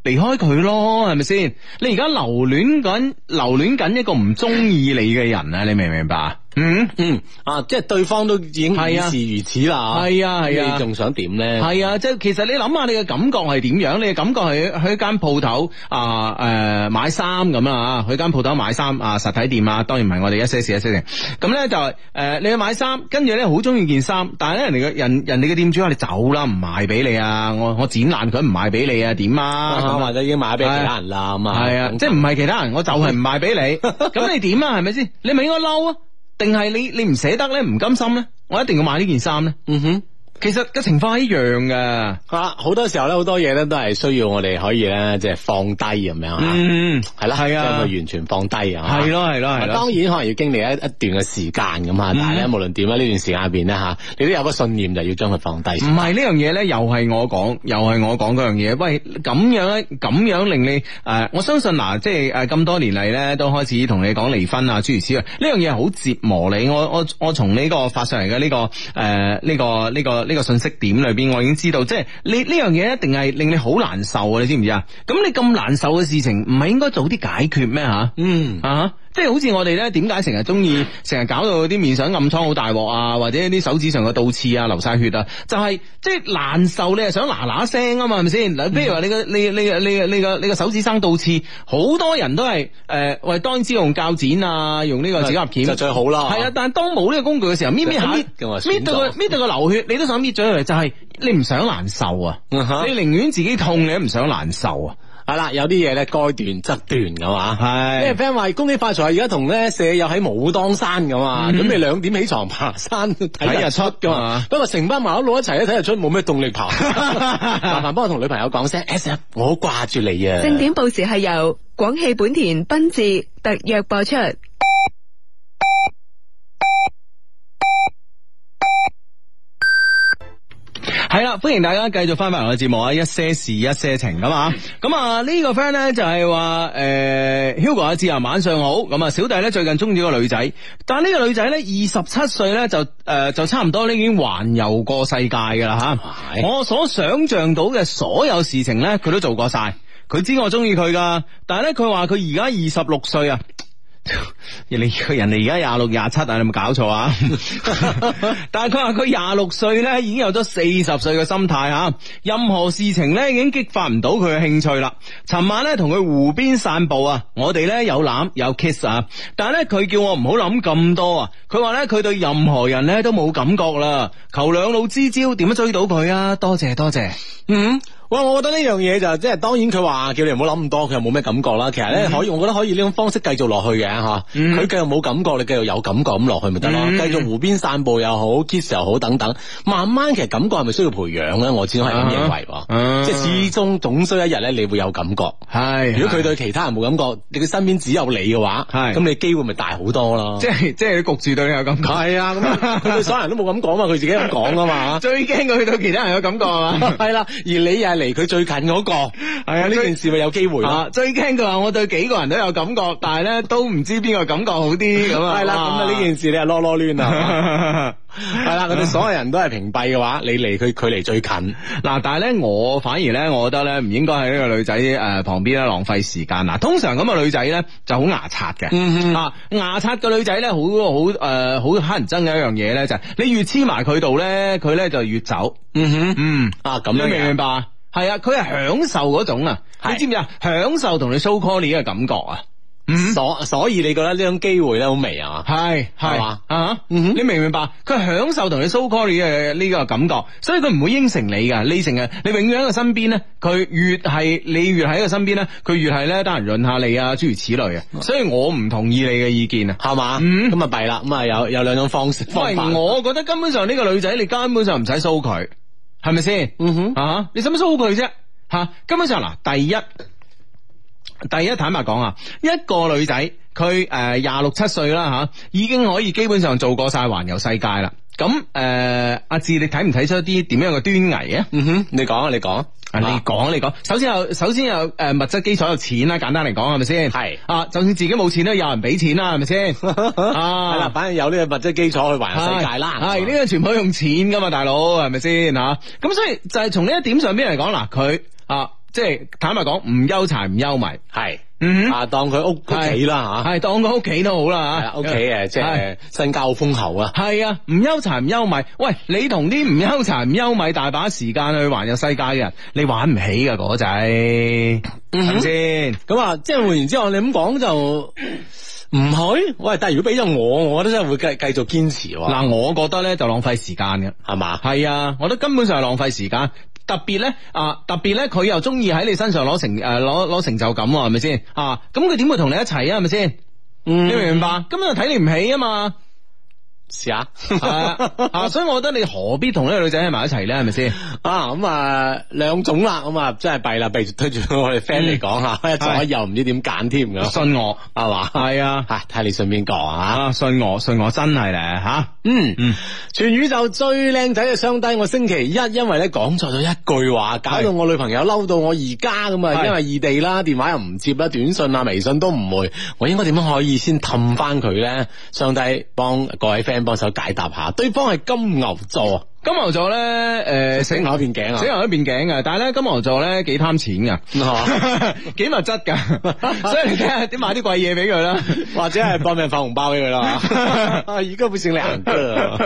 離開佢咯，係咪先？你而家留戀緊，留戀緊一個唔中意你嘅人啊！你明唔明白？嗯 嗯，啊，即係對方都已經已是如此啦，係啊係啊，啊，你仲想點咧？係啊，即係其實你諗下，你嘅感覺係點樣？你嘅感覺係去一間鋪頭啊，誒、呃、買衫咁啊，去間鋪頭買衫啊，實體店啊，當然唔係我哋一些事一些情。咁、啊、咧、啊、就係誒、啊，你去買衫，跟住咧好中意件衫，但係咧人哋嘅人人哋嘅店主話你走啦，唔賣俾你，你啊，我我剪爛佢唔賣俾你啊，點啊？或者已經賣俾其他人啦，咁啊，係啊，啊，即係唔係其他人，嗯、我就係唔賣俾你。咁 你點啊？係咪先？你咪應該嬲啊？定係你你唔捨得咧，唔甘心咧，我一定要買呢件衫咧。嗯哼。其實個情況係一樣嘅，啊，好多時候咧，好多嘢咧都係需要我哋可以咧，即係放低咁樣吓，嗯，係啦吧，係啊的，將佢完全放低啊，係咯，係咯，係咯，當然可能要經歷一一段嘅時間咁啊，嗯、但係咧無論點咧，呢段時間入邊咧吓，你都有個信念就要將佢放低。唔係呢樣嘢咧，又係我講，又係我講嗰樣嘢。喂，咁樣咧，咁樣令你誒、呃，我相信嗱、啊，即係誒咁多年嚟咧，都開始同你講離婚啊，諸如此類。呢樣嘢好折磨你。我我我從呢個發上嚟嘅呢個誒，呢個呢個。呃這個這個這個呢個信息點裏邊，我已經知道，即係你呢樣嘢一定係令你好難受啊！你知唔知啊？咁你咁難受嘅事情，唔係應該早啲解決咩吓？嗯啊。Uh huh. 即係好似我哋咧，點解成日中意成日搞到啲面上暗瘡好大鑊啊，或者啲手指上嘅倒刺啊流晒血啊？就係即係難受你係，想嗱嗱聲啊嘛，係咪先？嗱，譬如話你個你你你你個你個手指生倒刺，好多人都係誒，喂、呃，當然之用鉸剪啊，用呢個指甲鉗就最好啦。係啊，但係當冇呢個工具嘅時候，搣搣搣搣到個搣到個流血，你都想搣咗嚟，就係、是、你唔想難受啊，你寧願自己痛，你都唔想難受啊。係啦， 有啲嘢咧該斷則斷噶嘛。係，啲 friend 話恭喜是發財，而家同咧舍友喺武當山咁啊，嗯、準備兩點起床爬山睇日 出噶嘛。不過成班麻甩佬一路一齊咧睇日出，冇咩動力爬。麻煩幫我同女朋友講聲，S F，我好掛住你啊。 正點報時係由廣汽本田繽智特約播出。係啦，歡迎大家繼續翻翻嚟我嘅節目啊！一些事，一些情咁啊，咁、這、啊、個、呢個 friend 咧就係話誒，Hugo 阿志啊，晚上好。咁啊，小弟咧最近中意個女仔，但係呢個女仔咧二十七歲咧就誒、呃、就差唔多已經環遊過世界噶啦吓。我所想象到嘅所有事情咧，佢都做過晒。佢知我中意佢噶，但係咧佢話佢而家二十六歲啊。人你個人哋而家廿六廿七啊，你冇搞錯啊！ 但係佢話佢廿六歲呢已經有咗四十歲嘅心態吓，任何事情呢已經激發唔到佢嘅興趣啦。尋晚呢，同佢湖邊散步啊，我哋呢有攬有 kiss 啊，但係呢，佢叫我唔好諗咁多啊。佢話呢，佢對任何人呢都冇感覺啦，求兩老支招點樣追到佢啊？多謝多謝，嗯。我覺得呢樣嘢就即、是、係當然佢話叫你唔好諗咁多，佢又冇咩感覺啦。其實咧，可以我覺得可以呢種方式繼續落去嘅吓。佢繼、嗯、續冇感覺，你繼續有感覺咁落去咪得咯？繼、嗯、續湖邊散步又好，kiss 又好，等等。慢慢其實感覺係咪需要培養咧？我始終係咁認為，啊啊啊啊即係始終總需一日咧，你會有感覺。係是如果佢對其他人冇感覺，你嘅身邊只有你嘅話，咁是你機會咪大好多咯？即係即係焗住對你有感覺係啊。咁佢對所有人都冇咁講嘛，佢自己咁講噶嘛。最驚佢對其他人有感覺啊！係啦，而你又係離佢最近嗰、那個，係啊，呢件事咪有機會咯、啊啊？最驚嘅話，我對幾個人都有感覺，但係咧都唔知邊個感覺好啲咁、 嗯、啊。係啦、咁啊呢件事你係囉囉攣啊？嗯嗯 係啦，佢哋 所有人都係屏蔽嘅話，你離佢距離最近嗱， 但係咧我反而咧，我覺得咧唔應該喺呢個女仔誒旁邊咧浪費時間嗱。通常咁嘅女仔咧就好牙刷嘅，嗯、哼啊牙刷嘅女仔咧好好誒好乞人憎嘅一樣嘢咧就係你越黐埋佢度咧，佢咧就越走，嗯哼嗯啊咁樣明唔 明白 啊？係啊，佢係享受嗰種啊，是你知唔知啊？享受同你 so call 呢個感覺啊！嗯、所以所以你覺得呢種機會咧好微吧啊？係係嘛啊？嗯哼，你明唔明白？佢享受同你 so call 你嘅呢個感覺，所以佢唔會應承你噶。你成日你永遠喺佢身邊咧，佢越係你越喺佢身邊咧，佢越係咧得閒潤下你啊，諸如此類啊。所以我唔同意你嘅意見啊，係嘛、嗯？咁啊弊啦，咁啊、嗯、有有兩種方式方法。我覺得根本上呢個女仔你根本上唔使 so 佢，係咪先？嗯哼啊，你使乜 so 佢啫？吓、啊，根本上嗱，第一。第一第一坦白講啊，一個女仔佢誒廿六七歲啦吓，已經可以基本上做過晒環遊世界啦。咁、嗯、誒，阿、啊、志你睇唔睇出一啲點樣嘅端倪啊？嗯哼，你講你講，啊你講你講。首先有首先有誒物質基礎有錢啦，簡單嚟講係咪先？係是啊，就算自己冇錢都有人俾錢啦，係咪先？係啦、 啊， 反正有呢個物質基礎去環遊世界啦。係呢個全部用錢噶嘛，大佬係咪先吓？咁、啊、所以就係從呢一點上邊嚟講啦，佢啊。啊啊啊即係坦白講，唔憂柴唔憂米，係，啊當佢屋屋企啦吓，係當佢屋企都好啦吓，屋企嘅即係身家豐厚啊，係啊，唔憂柴唔憂米，喂，你同啲唔憂柴唔憂米大把時間去環遊世界嘅人，你玩唔起噶果仔，係咪先？咁啊，即係換言之後，你咁講就唔去，喂，但係如果俾咗我，我都真係會繼繼續堅持喎。嗱，我覺得咧就浪費時間嘅，係嘛？係啊，我覺得根本上係浪費時間。特別咧啊，特別咧佢又中意喺你身上攞成誒，攞、啊、攞成就感，係咪先啊？咁佢點會同你一齊啊？係咪先？嗯，你明唔明白，咁就睇你唔起啊嘛。試下，所以我覺得你何必同呢個女仔喺埋一齊咧？係咪先？啊咁啊，兩種啦，咁啊真係弊啦，弊推住我哋 friend 嚟講吓，左又唔知點揀添嘅。信我係嘛？係啊，睇你順便講吓，信我，信我真係咧吓。嗯，全宇宙最靚仔嘅雙低，我星期一因為咧講錯咗一句話，搞到我女朋友嬲到我而家咁啊，因為異地啦，電話又唔接啦，短信啊、微信都唔回，我應該點樣可以先氹翻佢咧？雙低幫各位 friend。幫手解答下，對方係金牛座。金牛座咧，誒，死牛一邊頸啊，死牛一邊頸噶，但係咧，金牛座咧幾貪錢噶，幾物質噶，所以你睇下點買啲貴嘢俾佢啦，或者係搏命發紅包俾佢啦，啊，而家不算兩個，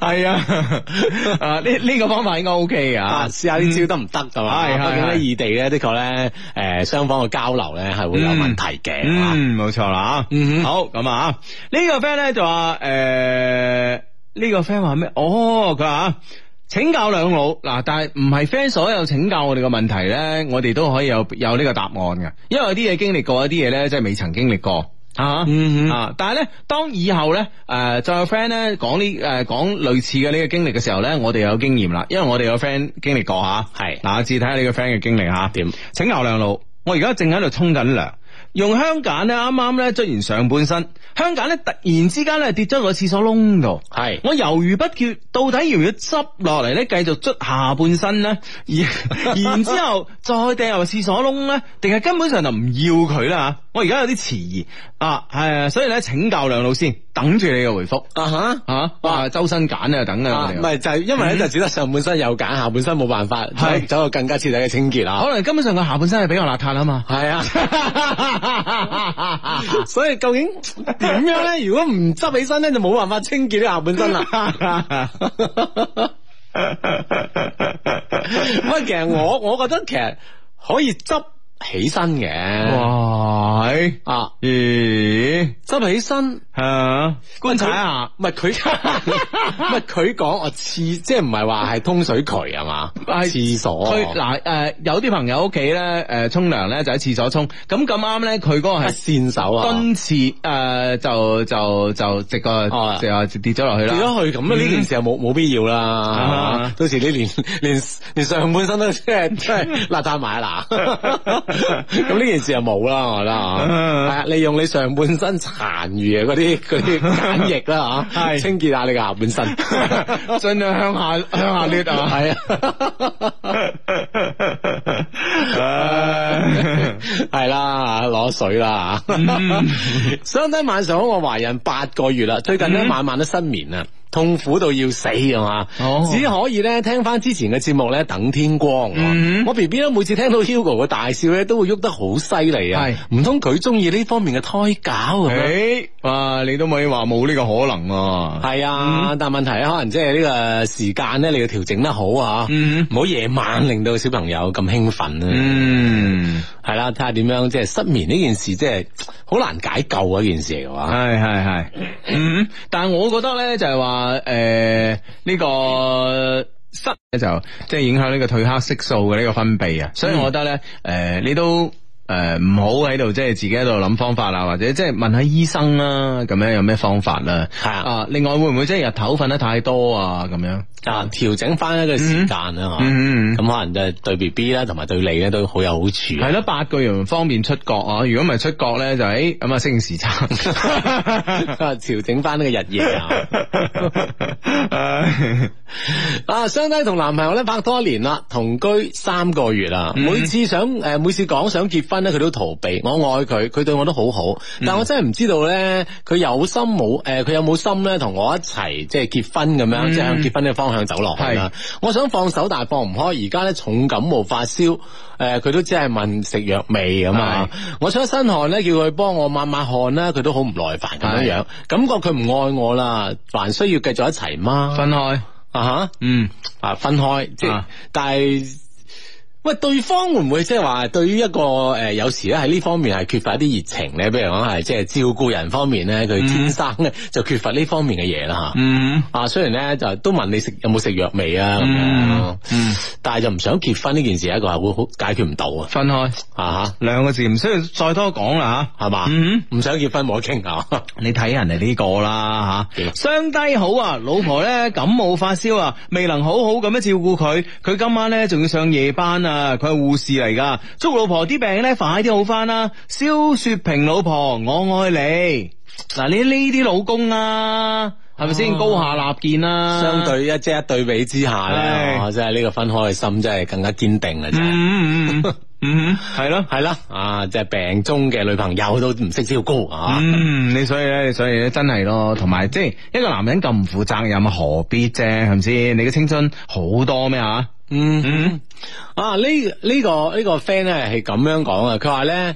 係啊，呢呢個方法應該 OK 啊。試下啲招得唔得係嘛？喺異地咧的確咧，誒，雙方嘅交流咧係會有問題嘅，嗯，冇錯啦，嗯，好咁啊，呢個 friend 咧就話誒。呢個 friend 話咩？哦，佢話，請教兩老嗱，但係唔係 friend 所有請教我哋嘅問題咧，我哋都可以有有呢個答案㗎，因為有啲嘢經歷過，有啲嘢咧即係未曾經歷過啊，啊！嗯、哼啊，但係咧，當以後咧，誒，再、呃、有 friend 咧講呢，誒，講類似嘅呢個經歷嘅時候咧，我哋有經驗啦，因為我哋有 friend 經歷過吓，係、啊、嗱，的我睇下你個 friend 嘅經歷吓，點、啊？請教兩老，我而家正喺度沖緊涼。用香梘咧，啱啱咧捽完上半身，香梘咧突然之間咧跌咗落廁所窿度。係是，我猶豫不決，到底要唔要執落嚟咧繼續捽下半身咧？然然之後再掟入廁所窿咧，定係根本上就唔要佢啦？我而家有啲遲疑啊，係啊，所以咧請教梁老師，等住你嘅回覆啊吓哈吓、啊，周身梘啊等啊，唔係、啊的啊、就係、是、因為咧就、啊、只得上半身有梘，下半身冇辦法，係是走到更加徹底嘅清潔啊。可能根本上個下半身係比較邋遢啊嘛。係啊。 所以究竟點樣咧？如果唔執起身咧，就冇辦法清潔啲下半身啦。咁啊，其實我我覺得其實可以執。起身嘅，哇，啊，咦、欸，執起身，啊、觀察一下，唔係佢，唔係佢講啊廁，即係唔係話係通水渠啊嘛，廁所，佢嗱誒有啲朋友屋企咧，誒沖涼咧就喺廁所沖，咁咁啱咧佢嗰個係線手啊，蹲廁，誒、嗯、就就就直個直跌咗落去啦，跌咗去咁啊，呢件事又冇冇必要啦，到時你連連連上半身都即係即係邋遢埋啦。 咁呢 件事就冇啦，我覺得，係啊，啊利用你上半身殘餘嘅嗰啲嗰啲筋液啦，嚇，清潔下你嘅下半身，盡量向下向下攣啊，係啊，係啦、啊，攞、啊、水啦，相對、嗯、 晚上我懷孕八個月啦，最近都晚晚都失眠啊。痛苦到要死啊嘛！只可以咧聽翻之前嘅節目咧等天光。嗯、哼我 B B 都每次聽到 Hugo 嘅大笑咧都會喐得好犀利啊！唔通佢中意呢方面嘅胎教啊？欸、哇！你都可以話冇呢個可能。啊？係啊，嗯、但係問題咧可能即係呢個時間咧你要調整得好啊，唔好夜晚令到小朋友咁興奮、嗯、啊。係啦、啊，睇下點樣即係失眠呢件事即係好難解救啊。件事嘅話。係係係。嗯，但係我覺得咧就係話。誒，呢、啊呃個失咧就即係影響呢個褪黑色素嘅呢個分泌啊，嗯、所以我覺得咧，誒、呃，你都。誒，唔好喺度，即係自己喺度諗方法啦，或者即係問下醫生啦，咁樣有咩方法啦？係啊。啊，另外會唔會即係日頭瞓得太多啊？咁樣啊，調整翻一個時間啊。咁可能就係對 B B 啦，同埋對你咧都好有好處。係咯、嗯，嗯嗯、八個月唔方便出國啊！如果唔係出國咧，就喺咁啊，適、欸、應時差，調、啊、 整翻呢個日夜 啊。啊，相低同男朋友咧拍拖多年啦，同居三個月啦、嗯，每次想誒，每次講想結婚。佢都逃避，我愛佢，佢對我都好好，但我真係唔知道呢，佢有心冇？誒、呃，佢有冇心咧同我一齊即係結婚咁樣，嗯、即係向結婚呢個方向走落去啦？的我想放手，但係放唔開。而家呢，重感冒發燒，誒、呃，佢都只係問食藥未咁啊？的我出身汗呢，叫佢幫我抹抹汗咧，佢都好唔耐煩咁樣樣，的感覺佢唔愛我啦，還需要繼續一齊嗎？分開啊吓？嗯啊，分開即係、啊、但係。喂，對方會唔會即係話對於一個誒、呃，有時咧喺呢方面係缺乏一啲熱情咧？比如講係即係照顧人方面咧，佢、嗯、天生咧就缺乏呢方面嘅嘢啦吓。嗯、啊，雖然咧就都問你食有冇食藥未啊咁、嗯、樣，嗯、但係就唔想結婚呢件事一個係會好解決唔到開啊。分開啊吓，兩個字唔需要再多講啦吓，係、啊、嘛？唔吧、嗯、想結婚冇得傾啊！你睇人哋呢個啦吓，雙低好啊，老婆咧感冒發燒啊，未能好好咁樣照顧佢，佢今晚咧仲要上夜班啊！佢係護士嚟噶，祝老婆啲病咧快啲好翻啦！蕭雪萍老婆，我愛你。嗱，你呢啲老公啊，係咪先高下立見啦？相對一即一對比之下咧，即係呢個分開嘅心真係更加堅定嘅啫。嗯嗯嗯，係咯係咯，啊，即係病中嘅女朋友都唔識照顧啊。你所以咧，所以咧，真係咯，同埋即係一個男人咁唔負責任，何必啫？係咪先？你嘅青春好多咩啊？嗯，啊呢呢個呢個 friend 咧，係咁樣講啊，佢話咧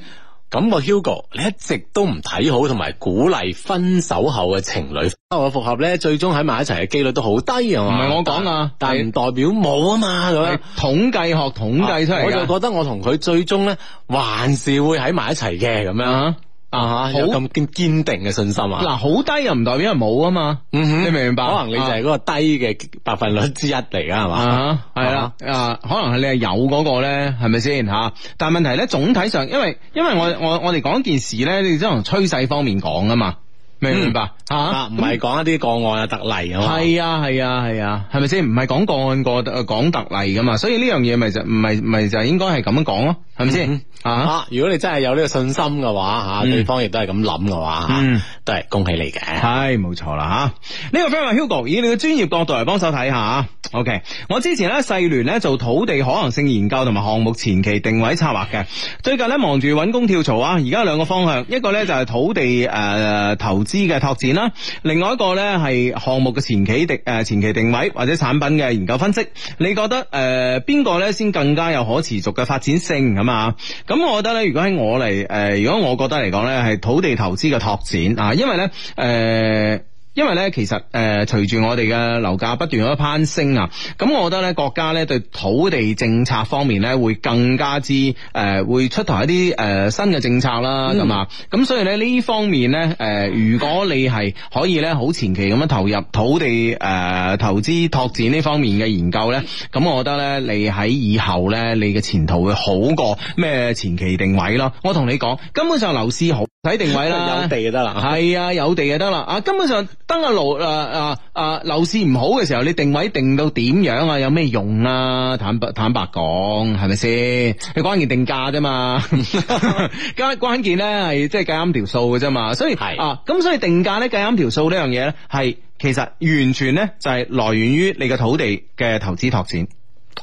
感覺 Hugo 你一直都唔睇好同埋鼓勵分手後嘅情侶包、嗯、我複合咧，最終喺埋一齊嘅幾率都好低啊。唔係我講啊，但係唔代表冇啊嘛，咁樣統計學統計出嚟，啊，我就覺得我同佢最終咧還是會喺埋一齊嘅咁樣。嗯啊吓，uh、huh, 有咁堅定嘅信心啊！嗱，好低又唔代表係冇啊嘛，嗯哼，你明唔明白？可能你就係嗰個低嘅百分率之一嚟噶係嘛？係啊，啊，可能係你係有嗰個咧，係咪先吓？Uh huh. 但係問題咧，總體上，因為因為我我我哋講件事咧，你都從趨勢方面講啊嘛。明唔明白？吓，唔係講一啲個案啊，特例啊，嘛？係啊，係啊，係啊，係咪先？唔係講個案個，講特例噶嘛，所以呢樣嘢咪就唔咪咪就應該係咁樣講咯，係咪先？吓，如果你真係有呢個信心嘅話，吓，對方亦都係咁諗嘅話，嗯，都係恭喜你嘅，係冇錯啦，吓，呢個 friend Hugo，以你嘅專業角度嚟幫手睇下，OK，我之前咧世聯咧做土地可能性研究同埋項目前期定位策劃嘅，最近咧忙住揾工跳槽啊，而家兩個方向，一個咧就係土地誒投資嘅拓展啦，另外一個咧係項目嘅前期定、誒前期定位或者產品嘅研究分析，你覺得誒邊個咧先更加有可持續嘅發展性咁啊？咁我覺得咧，如果喺我嚟、誒、呃，如果我覺得嚟講咧，係土地投資嘅拓展啊，因為咧誒。呃因為咧，其實誒、呃，隨住我哋嘅樓價不斷咁攀升啊，咁我覺得咧，國家咧對土地政策方面咧會更加之誒、呃，會出台一啲誒、呃、新嘅政策啦，咁、嗯、啊，咁所以咧呢方面咧，誒、呃，如果你係可以咧好前期咁樣投入土地誒、呃、投資拓展呢方面嘅研究咧，咁、啊、我覺得咧你喺以後咧你嘅前途會好過咩前期定位咯。我同你講，根本上樓市好。睇定位啦， 有地就得啦，係啊，有地就得啦。啊，根本上登阿樓啊，誒、啊、誒，樓、啊、市唔好嘅時候，你定位定到點樣啊？有咩用啊？坦白坦白講，係咪先？你關鍵定價啫嘛， 關關鍵咧係即係計啱條數嘅啫嘛。所以是啊，咁所以定價咧計啱條數呢樣嘢咧，係其實完全咧就係、是、來源於你嘅土地嘅投資拓展。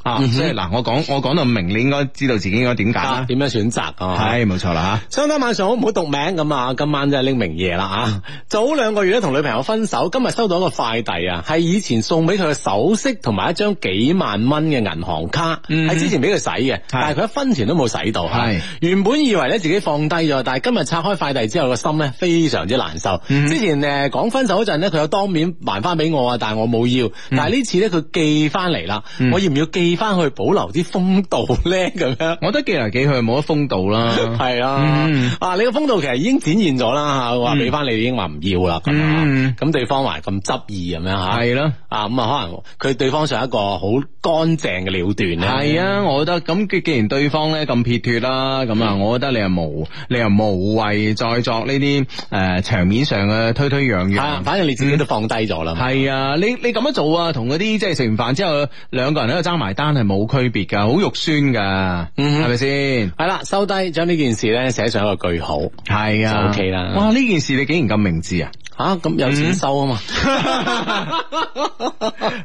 啊，所以嗱，我講我講到明，你應該知道自己應該點解，啊、啦，點樣選擇啊？係冇錯啦吓。張生晚上好唔好讀名咁啊？今晚即係拎名嘢啦啊！ 早兩個月咧同女朋友分手，今日收到一個快遞啊，係以前送俾佢嘅首飾同埋一張幾萬蚊嘅銀行卡，係、嗯、哼之前俾佢使嘅，但係佢一分錢都冇使到。係是是原本以為咧自己放低咗，但係今日拆開快遞之後個心咧非常之難受。嗯、哼之前誒講分手嗰陣咧，佢有當面還翻俾我啊，但係我冇要。但係呢次咧佢寄翻嚟啦，嗯、哼我要唔要寄？嗯俾翻去保留啲風度咧，咁樣，我覺得幾嚟幾去冇乜風度啦，係啊，啊，你個風度其實已經展現咗啦嚇，話俾翻你已經話唔要啦，咁啊，咁對方還咁執意咁樣嚇，係咯，啊，咁啊，可能佢對方上一個好乾淨嘅了斷咧，係啊，我覺得咁既然對方咧咁撇脱啦，咁啊，我覺得你又無你又無謂再作呢啲誒場面上嘅推推讓讓，係啊，反正你自己都放低咗啦，係啊，你你咁樣做啊，同嗰啲即係食完飯之後兩個人喺度爭埋真係冇區別噶，好肉酸噶，係咪、嗯、先？係啦，收低將呢件事咧寫上一個句號，係啊，就 OK 啦。哇，呢件事你竟然咁明智啊？吓、啊，咁有錢收啊嘛？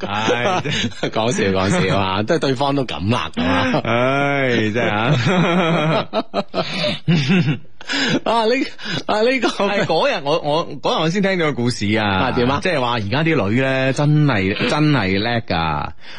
唉、 哎，講笑講笑啊， 都係對方都咁啦，唉、 哎，真係啊。 啊！呢啊呢個係嗰日我我嗰日我先聽咗個故事啊，點啊？即係話而家啲女咧真係真係叻噶，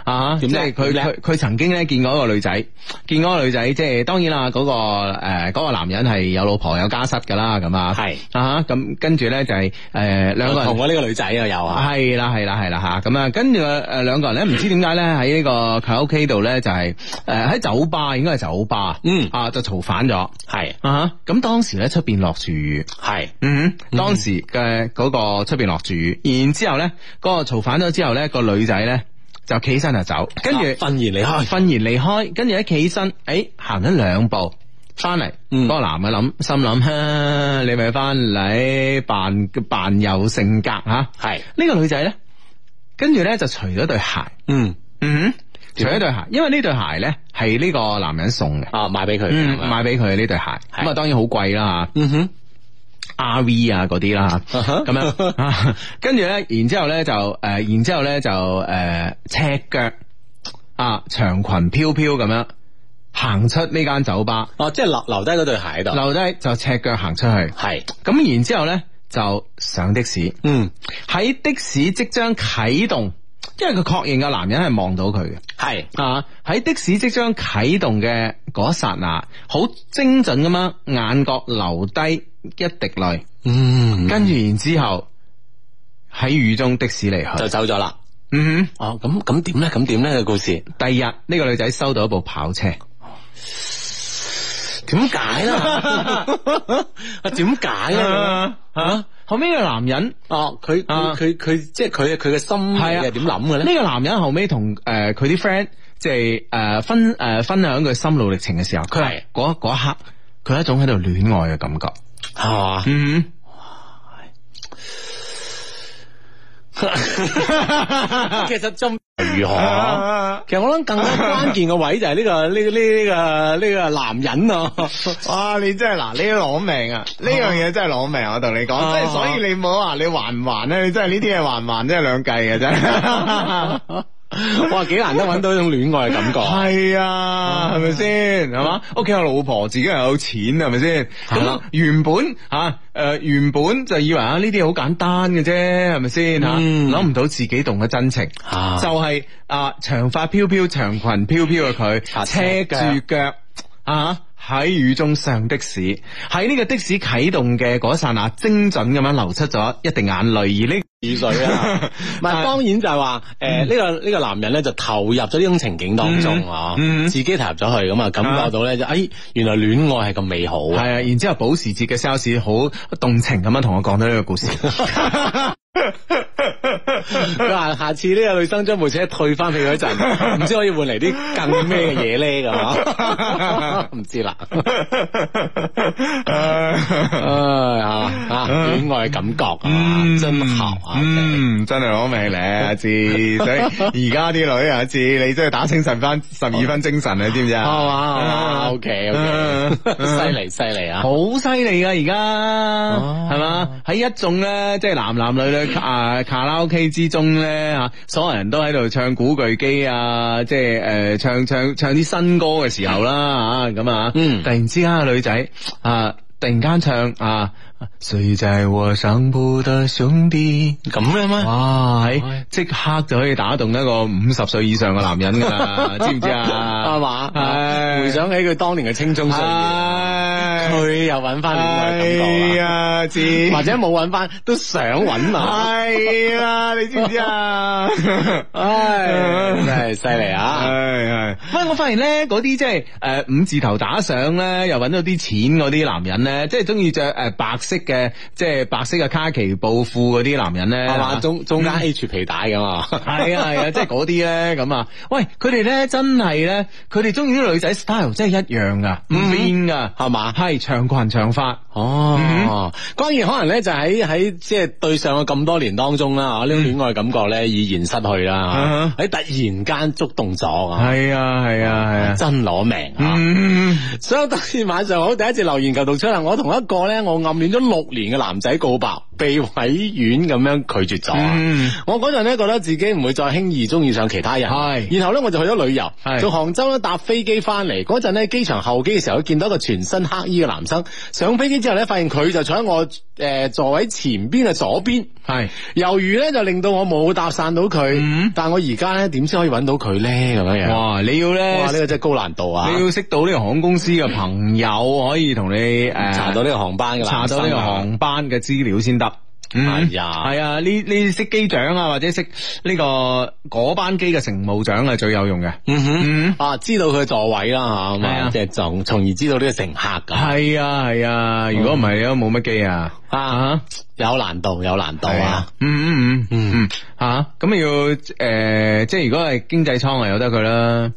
啊！即係佢佢佢曾經咧見過一個女仔，見過個女仔，即係當然啦，嗰個誒嗰個男人係有老婆有家室噶啦，咁啊，係啊，咁跟住咧就係誒兩個同我呢個女仔啊，有啊，係啦係啦係啦吓，咁啊跟住誒兩個人咧唔知點解咧喺呢個佢屋企度咧就係誒喺酒吧，應該係酒吧，嗯啊就嘈反咗，係啊咁當。當時咧出邊落住雨，係是，嗯哼，當時嘅嗰個出邊落住雨，嗯、哼然之後咧，嗰個嘈反咗之後咧，個女仔咧就企身就走，跟住憤然離開，憤然離開，跟住咧企身，誒，行咗兩步翻嚟，嗰、嗯、個男嘅諗心諗、啊，你咪翻嚟扮扮有性格吓。係、啊，呢是個女仔咧，跟住咧就除咗對鞋，嗯，嗯哼。除咗對鞋，因為呢對鞋咧係呢個男人送嘅，啊買俾佢，買俾佢呢對鞋，咁啊當然好貴啦吓，嗯哼，R V 啊嗰啲啦咁樣，跟住咧，然之後咧就誒，然之後咧就誒、呃呃，赤腳啊，長裙飄飄咁樣行出呢間酒吧，哦、啊，即係留留低嗰對鞋喺度，留低就赤腳行出去，係是，咁然之後咧就上的士，嗯，喺的士即將啟動。因為佢確認個男人係望到佢嘅，係是啊，喺的士即將啟動嘅嗰一刹那，好精準咁樣眼角流低一滴淚，嗯，跟住然之後喺、嗯、雨中的士離去，就走咗啦，嗯哼，哦，咁咁點咧？咁點咧？呢那個故事，第二日呢、這個女仔收到一部跑車，點解啦？啊，點解啦？吓？後尾個男人，哦，佢佢佢即係佢佢嘅心係啊，點諗嘅咧？呢、啊呢個男人後尾同誒佢啲 friend，即係誒、呃、分誒、呃、分，分享佢心路歷程嘅時候，佢係嗰嗰一刻，佢一種喺度戀愛嘅感覺，係嘛，啊嗯？嗯。其實真如何？其實我諗更加關鍵嘅位就係呢個呢呢個呢個男人啊！哇，你真係嗱，你攞命啊！呢樣嘢真係攞命，我同你講，即係所以你唔好話你還唔還咧，你真係呢啲嘢還唔還真係兩計嘅真。哇，幾難得揾到一種戀愛嘅感覺，係啊，係咪先？係嘛，屋企有老婆，自己又有錢，係咪先？咁、啊、原本吓誒、啊呃，原本就以為啊呢啲好簡單嘅啫，係咪先？諗唔、嗯、到自己動咗真情，啊、就係、是、啊長髮飄飄、長裙飄飄嘅佢，車住腳啊！喺雨中上的士，喺呢個的士啟動嘅嗰一剎那，精準咁樣流出咗一滴眼淚。而呢雨水啊，唔係 當然就係話，誒呢、 欸這個呢、這個男人咧就投入咗呢種情景當中，哦， 自己投入咗去，咁啊感覺到咧， 哎，原來戀愛係咁美好。係 啊，然之後保時捷嘅 sales 好動情咁樣同我講咗呢個故事。 下次呢個女生將部車退翻去嗰陣，唔知可以換嚟啲更咩嘢咧？噶唔知啦。啊啊，戀愛感覺啊，真好啊，真係好靚咧，阿志。所以而家啲女啊，阿志，你真係打精神翻十二分精神啊，知唔知啊？係嘛，O K O K，犀利犀利啊，好犀利啊。而家，係嘛？喺一種咧，即係男男女女啊卡拉 O K 之中咧。咧所有人都喺度唱古巨基啊，即係誒唱唱唱啲新歌嘅時候啦吓，咁啊，嗯，突然之間個女仔啊，突然間唱，啊，睡在我不得上鋪的兄弟，咁樣咩？哇，即、哎、刻就可以打動一個五十歲以上嘅男人噶， 知唔知 啊？係嘛 是，回想起佢當年嘅青春歲月。哎佢又揾翻嚟，啊、哎，或者冇揾翻，都想揾嘛？係啊、哎，你知唔知啊？唉、哎，真係犀利啊！係係喂，哎、我發現咧，嗰啲即係誒五字頭打賞咧，又揾到啲錢嗰啲男人咧，即係中意着誒白色嘅即係白色嘅卡其布褲嗰啲男人咧吧，中中間 H 皮帶咁啊？係啊係啊，即係嗰啲咧咁啊！喂，佢哋咧真係咧，佢哋中意啲女仔 style 真係一樣噶，唔變噶係嘛？係、嗯。長裙長髮哦，關鍵、嗯、可能咧就喺喺即係對上咗咁多年當中啦，呢種戀愛感覺咧已然失去啦，喺、啊、突然間觸動咗，係啊係啊係啊，啊啊啊真攞命、嗯、啊！所以我當時晚上好，第一次留言求同出嚟，我同一個咧我暗戀咗六年嘅男仔告白。被委婉咁樣拒絕咗。嗯、我嗰陣呢，覺得自己唔會再輕易中意上其他人。係是，然後呢，我就去咗旅遊。係是。到杭州呢搭飛機翻嚟，嗰陣呢，機場候機嘅時候，見到一個全身黑衣嘅男生。上飛機之後呢，發現佢就坐喺我誒、呃、座位前邊嘅左邊。係是。由於呢，就令到我冇搭訕到佢。嗯、但我而家呢，點先可以揾到佢呢？咁樣樣？哇！你要呢？哇！呢、這個真係高難度啊！你要識到呢個航空公司嘅朋友，可以同你誒、呃、查到呢個航班噶啦？查到呢個航班嘅資料先得。係呀，係啊、mm，呢呢識機長啊，或者識呢個嗰班機嘅乘務長係最有用嘅。嗯、hmm. 哼、mm，hmm. 啊，知道佢座位啦吓，咁啊、mm，即係從從而知道呢個乘客㗎。係、mm hmm. 啊係啊，如果唔係都冇乜機啊。啊！有難度，有難度啊！嗯嗯嗯嗯嗯吓，咁、啊、要誒、呃，即係如果係經濟艙， 係有得佢啦。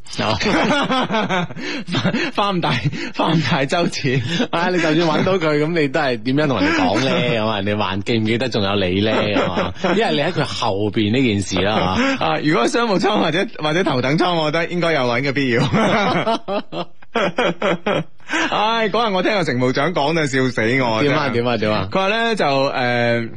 花大花大周錢，啊！你就算搵到佢，咁你都係點樣同人哋講咧？咁啊，你還，還記唔記得仲有你咧？係嘛，因為你喺佢後邊呢件事啦。 啊！如果商務艙或者或者頭等艙，我覺得應該有搵嘅必要。 唉，嗰日、 哎、我聽阿乘務長講就笑死我。點啊點啊點啊！佢話咧就誒。呃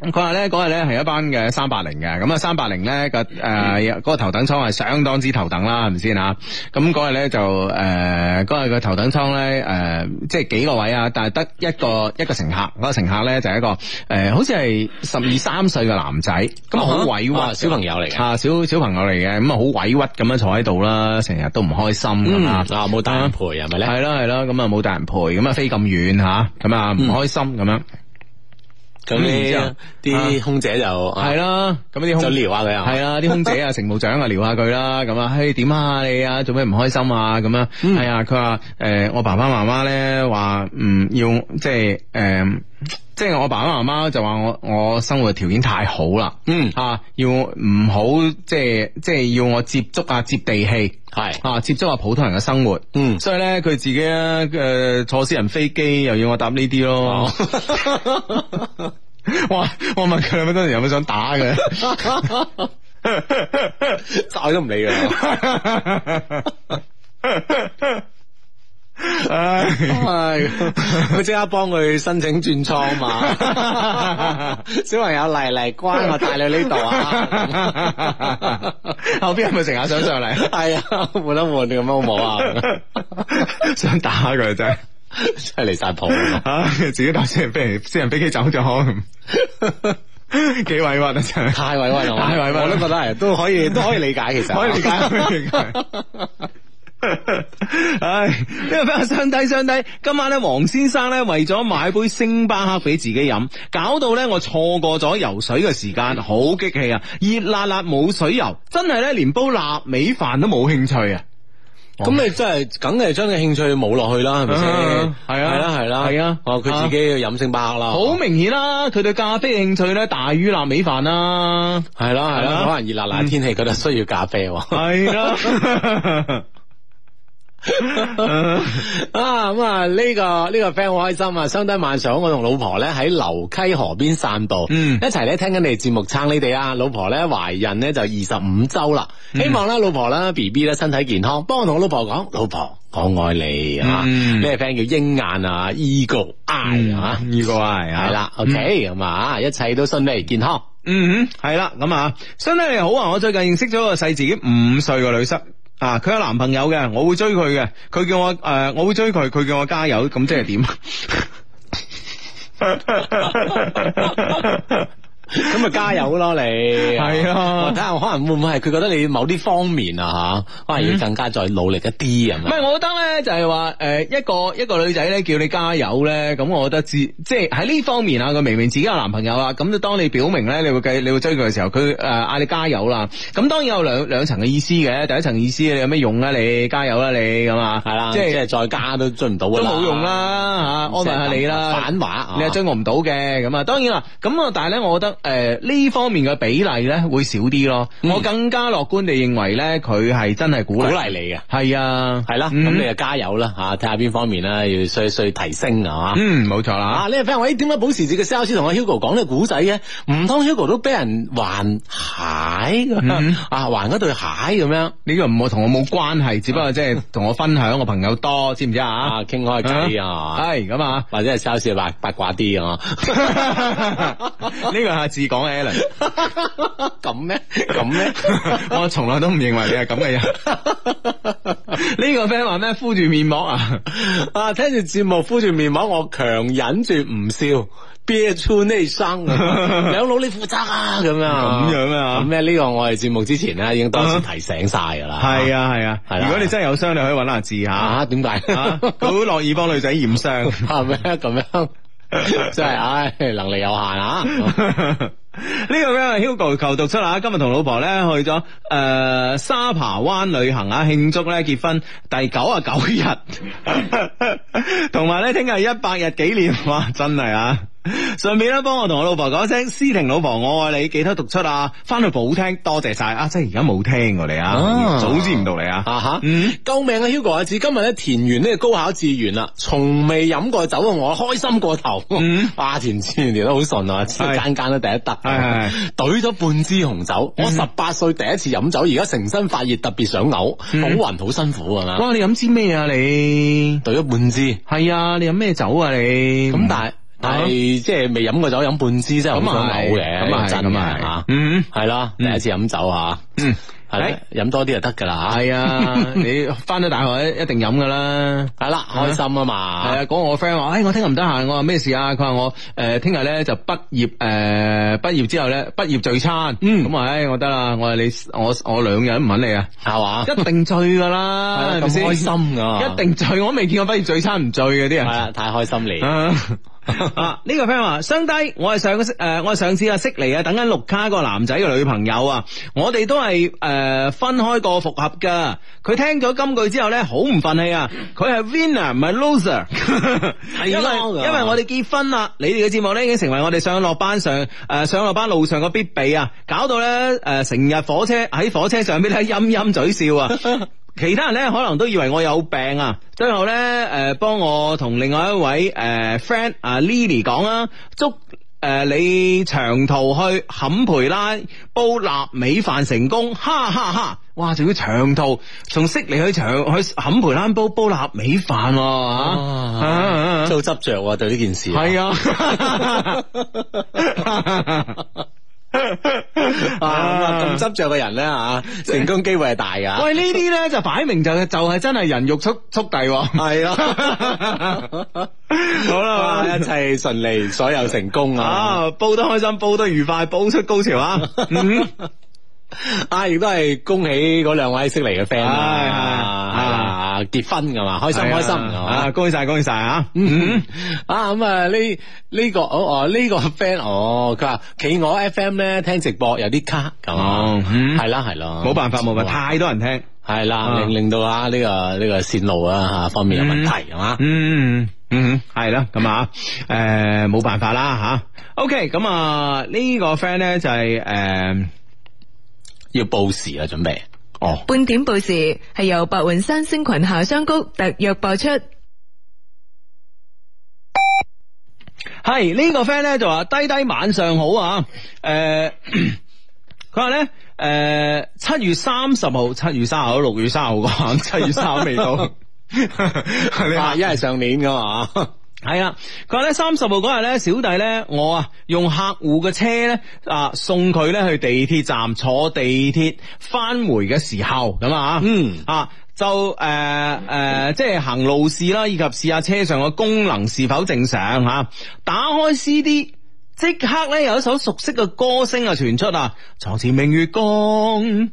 佢話嗰日咧，嗰日咧係一班嘅三八零嘅，咁啊三八零咧個誒，呃嗰個頭等艙係相當之頭等啦，係咪先吓？咁嗰日咧就誒，嗰日個頭等艙咧誒，即係幾個位啊？但係得一個一個乘客，嗰、嗰個乘客咧就一個誒、呃，好似係十二三歲嘅男仔，咁啊好委屈，小朋友嚟嘅。吓、啊、小小朋友嚟嘅，咁啊好委屈咁樣坐喺度啦，成日都唔開心咁、嗯、樣啊，冇大人陪係咪咧？係啦係啦，咁啊冇大人陪，咁啊飛咁遠吓，咁啊唔開心咁樣。嗯嗯咁、嗯、然之後啲空姐就係啦，咁啲空姐 就撩下佢，啊，係、哎、啊，啲空姐啊，乘務長啊撩下佢啦，咁啊，嘿點啊你啊，做咩唔開心啊咁啊，係啊，佢話誒我爸爸媽媽咧話唔要即係誒。呃即係我爸爸媽媽就話我我生活條件太好啦，嗯啊，要唔好即係即係要我接觸啊接地氣，係是啊接觸下普通人嘅生活，嗯，所以咧佢自己咧誒、呃、坐私人飛機又要我搭呢啲咯， 哇！我問佢有冇當時有冇想打嘅？我都唔理佢。啊 唉，佢即唉唉刻幫佢申請轉倉嘛？唉小朋友嚟嚟關我帶你呢度啊？唉後邊係咪成日想上嚟？係啊，換得換你咁好唔好啊？想打佢真係，真係離晒譜啊！自己搭先，私人私人飛機走咗開咁，幾委屈啊！太委屈啦，太委屈，我都覺得係都，都可以，都可以理解其實。可以理解，可以理解。唉，呢個比較傷低傷低，今晚咧黃先生咧為咗買杯星巴克俾自己飲，搞到咧我錯過咗游水嘅時間，好激氣啊！熱辣辣冇水游，真係咧連煲臘味飯都冇興趣啊！咁你真係梗係將個興趣冇落去啦，係咪先？係啊，係啦，係啊，哦、啊，佢、okay. oh, uh. 自己要飲星巴克啦，好明顯啦，佢對咖啡嘅興趣咧大於臘味飯啦，係咯係咯，可能熱辣辣天氣覺得需要咖啡，係啦。啊咁 啊，呢、呢個呢、呢個 friend 好開心啊！相登晚上我同老婆咧喺流溪河邊散步，嗯，一齊咧聽緊你哋節目撐你哋啊！老婆咧懷孕咧就二十五周啦，希望啦老婆啦 B B 咧身體健康，幫我同我老婆講、嗯，老婆我愛你、嗯、啊！咩、呢個、friend 叫鷹眼啊？Eagle Eye 啊？Eagle Eye 係啦，OK 咁啊、嗯嗯，一切都身體健康，嗯哼，係啦，咁啊，相登好啊！我最近認識咗個細自己五歲個女生。啊！佢有男朋友嘅，我會追佢嘅。佢叫我誒、呃，我會追佢。佢叫我加油。咁即係點？ 咁咪加油咯，你係啊，睇下可能會唔會係佢覺得你某啲方面啊吓，可能要更加再努力一啲咁。唔係，我覺得咧就係話誒一個一個女仔咧叫你加油咧，咁我覺得自即係喺呢方面啊，佢明明自己有男朋友啦，咁你當你表明咧你會計你會追佢嘅時候，佢誒嗌你加油啦，咁當然有兩兩層嘅意思嘅。第一層意思你有咩用啊，你加油啦你咁啊係啦，即係即係再加都追唔到噶啦，都冇用啦吓，安慰下你啦，反話你係追我唔到嘅咁啊。當然啦，咁啊但係咧，我覺得。誒，呢方面嘅比例咧會少啲咯。嗯、我更加樂觀地認為咧，佢係真係鼓勵你嘅。係啊，係啦，咁你就加油啦吓，睇下邊方面衰衰衰、嗯、啦，要需需提升係嘛？嗯，冇錯啦。吓，你係俾人點解保時捷嘅 sales 同阿 Hugo 講呢個古仔嘅？唔通 Hugo 都俾人還鞋嘅、嗯、啊？還嗰對鞋咁樣？呢個唔，我同我冇關係，只不過即係同我分享，我朋友多，知唔知啊？開啊，傾開偈係係咁啊， 或者係 sales 八八卦啲啊？呢個係。自講 Alan 咁咩？咁咩？ 我從來都唔認為你係咁嘅人。 呢個 friend 話咩敷住面膜啊？ 啊，聽住節目敷住面膜，我強忍住唔笑。憋出呢生啊，兩佬你負責啊？咁樣咁樣啊？咩呢、啊、個我哋節目之前咧已經多次提醒晒噶啦。係啊係啊，啊啊啊如果你真係有傷，你可以揾阿志吓。點解好樂意幫女仔驗傷？係咩咁樣？真 係，唉，能力有限啊！呢個咧，Hugo 求讀出啊！今日同老婆咧去咗誒、呃、沙扒灣旅行啊，慶祝咧結婚第九啊九日， 同埋咧聽日一百日紀念，哇！真係啊！順便咧，幫我同我老婆講聲，思婷老婆，我愛你，記得讀出啊！翻去補聽，多謝晒啊！即係而家冇聽我哋啊，早知唔到你啊吓！救命啊！Hugo 阿子，今日咧填完呢個高考志願啦，從未飲過酒，啊。我開心過頭，嗯，填志願填得好順啊，字間間都第一得，兌咗半支紅酒，我十八歲第一次飲酒，而家成身發熱，特別想嘔，好暈，好辛苦啊！哇，你飲支咩啊？你兌咗半支，係啊，你飲咩酒啊？你咁大？係，即係未飲過酒，飲半支真係好想嘔嘅，咁啊，真咁啊，係，嗯係啦第一次飲酒啊。嗯，係飲多啲就得噶啦，係啊你翻到大學一定飲噶啦，係啦開心啊嘛，係啊，講我 friend 話，誒我聽日唔得閒，我話咩事啊？佢話我，誒聽日咧就畢業，誒畢業之後咧畢業聚餐。嗯，咁啊，唉我得啦，我話你我我兩日唔揾你啊，係嘛，一定醉噶啦，開心噶一定醉，我未見過畢業聚餐唔醉嘅啲人。係啊太開心嚟。呢、 啊這個 friend 話，相低我係上個誒、呃，我上次阿悉尼啊，等緊綠卡個男仔嘅女朋友啊，我哋都係誒、呃、分開過復合噶。佢聽咗今句之後咧，好唔忿氣啊！佢係 winner 唔係 loser，係 因為因為我哋結婚啦，你哋嘅節目咧已經成為我哋上落班上誒、呃、上落班路上嘅必備啊！搞到咧誒、呃，成日火車喺火車上邊咧陰陰嘴笑啊。 其他人咧可能都以為我有病啊！最後咧，誒、呃，幫我同另外一位誒、呃、friend 啊 Lily 講啊：祝「祝、呃、誒你長途去坎培拉煲臘味飯成功，哈哈哈！哇，仲要長途從悉尼去長去坎培拉煲煲臘味飯，哇，好執着啊，啊對呢件事。係啊。 啊咁執着嘅人咧啊，成功機會係大噶。喂，呢啲咧 就擺明就就係真係人肉速速遞。係咯，好啦，一切順利，所有成功啊，啊，煲得開心，煲得愉快，煲出高潮啊！ 啊！亦都係恭喜嗰兩位識嚟嘅 friend 啊！啊結婚噶嘛，開心開心啊！恭喜晒恭喜晒啊！啊咁啊呢呢個哦哦呢個 friend 哦，佢話企鵝 FM 咧聽直播有啲卡咁啊，係啦係啦，冇辦法冇辦法，太多人聽係啦，令令到啊呢個呢個線路啊吓，方面有問題係嘛？嗯嗯嗯係啦，咁啊誒冇辦法啦吓。OK，咁啊呢個 friend 咧就係誒。要報時啊！準備哦，半點報時係由白雲山星群夏桑菊特約播出。係呢個 friend 咧就話：低低晚上好、呃呃、好 啊！誒，佢話咧誒，七月三十號、七月卅號、六月卅號嗰晚，七月卅號未到，一係上年噶嘛。係啊，佢話咧三十號嗰日咧，小弟咧我啊用客戶嘅車咧啊送佢咧去地鐵站坐地鐵，返回嘅時候咁啊，嗯啊、嗯、就誒誒即係行路試啦，以及試下車上嘅功能是否正常吓，打開 CD，即刻咧有一首熟悉嘅歌聲啊傳出啊，床前明月光。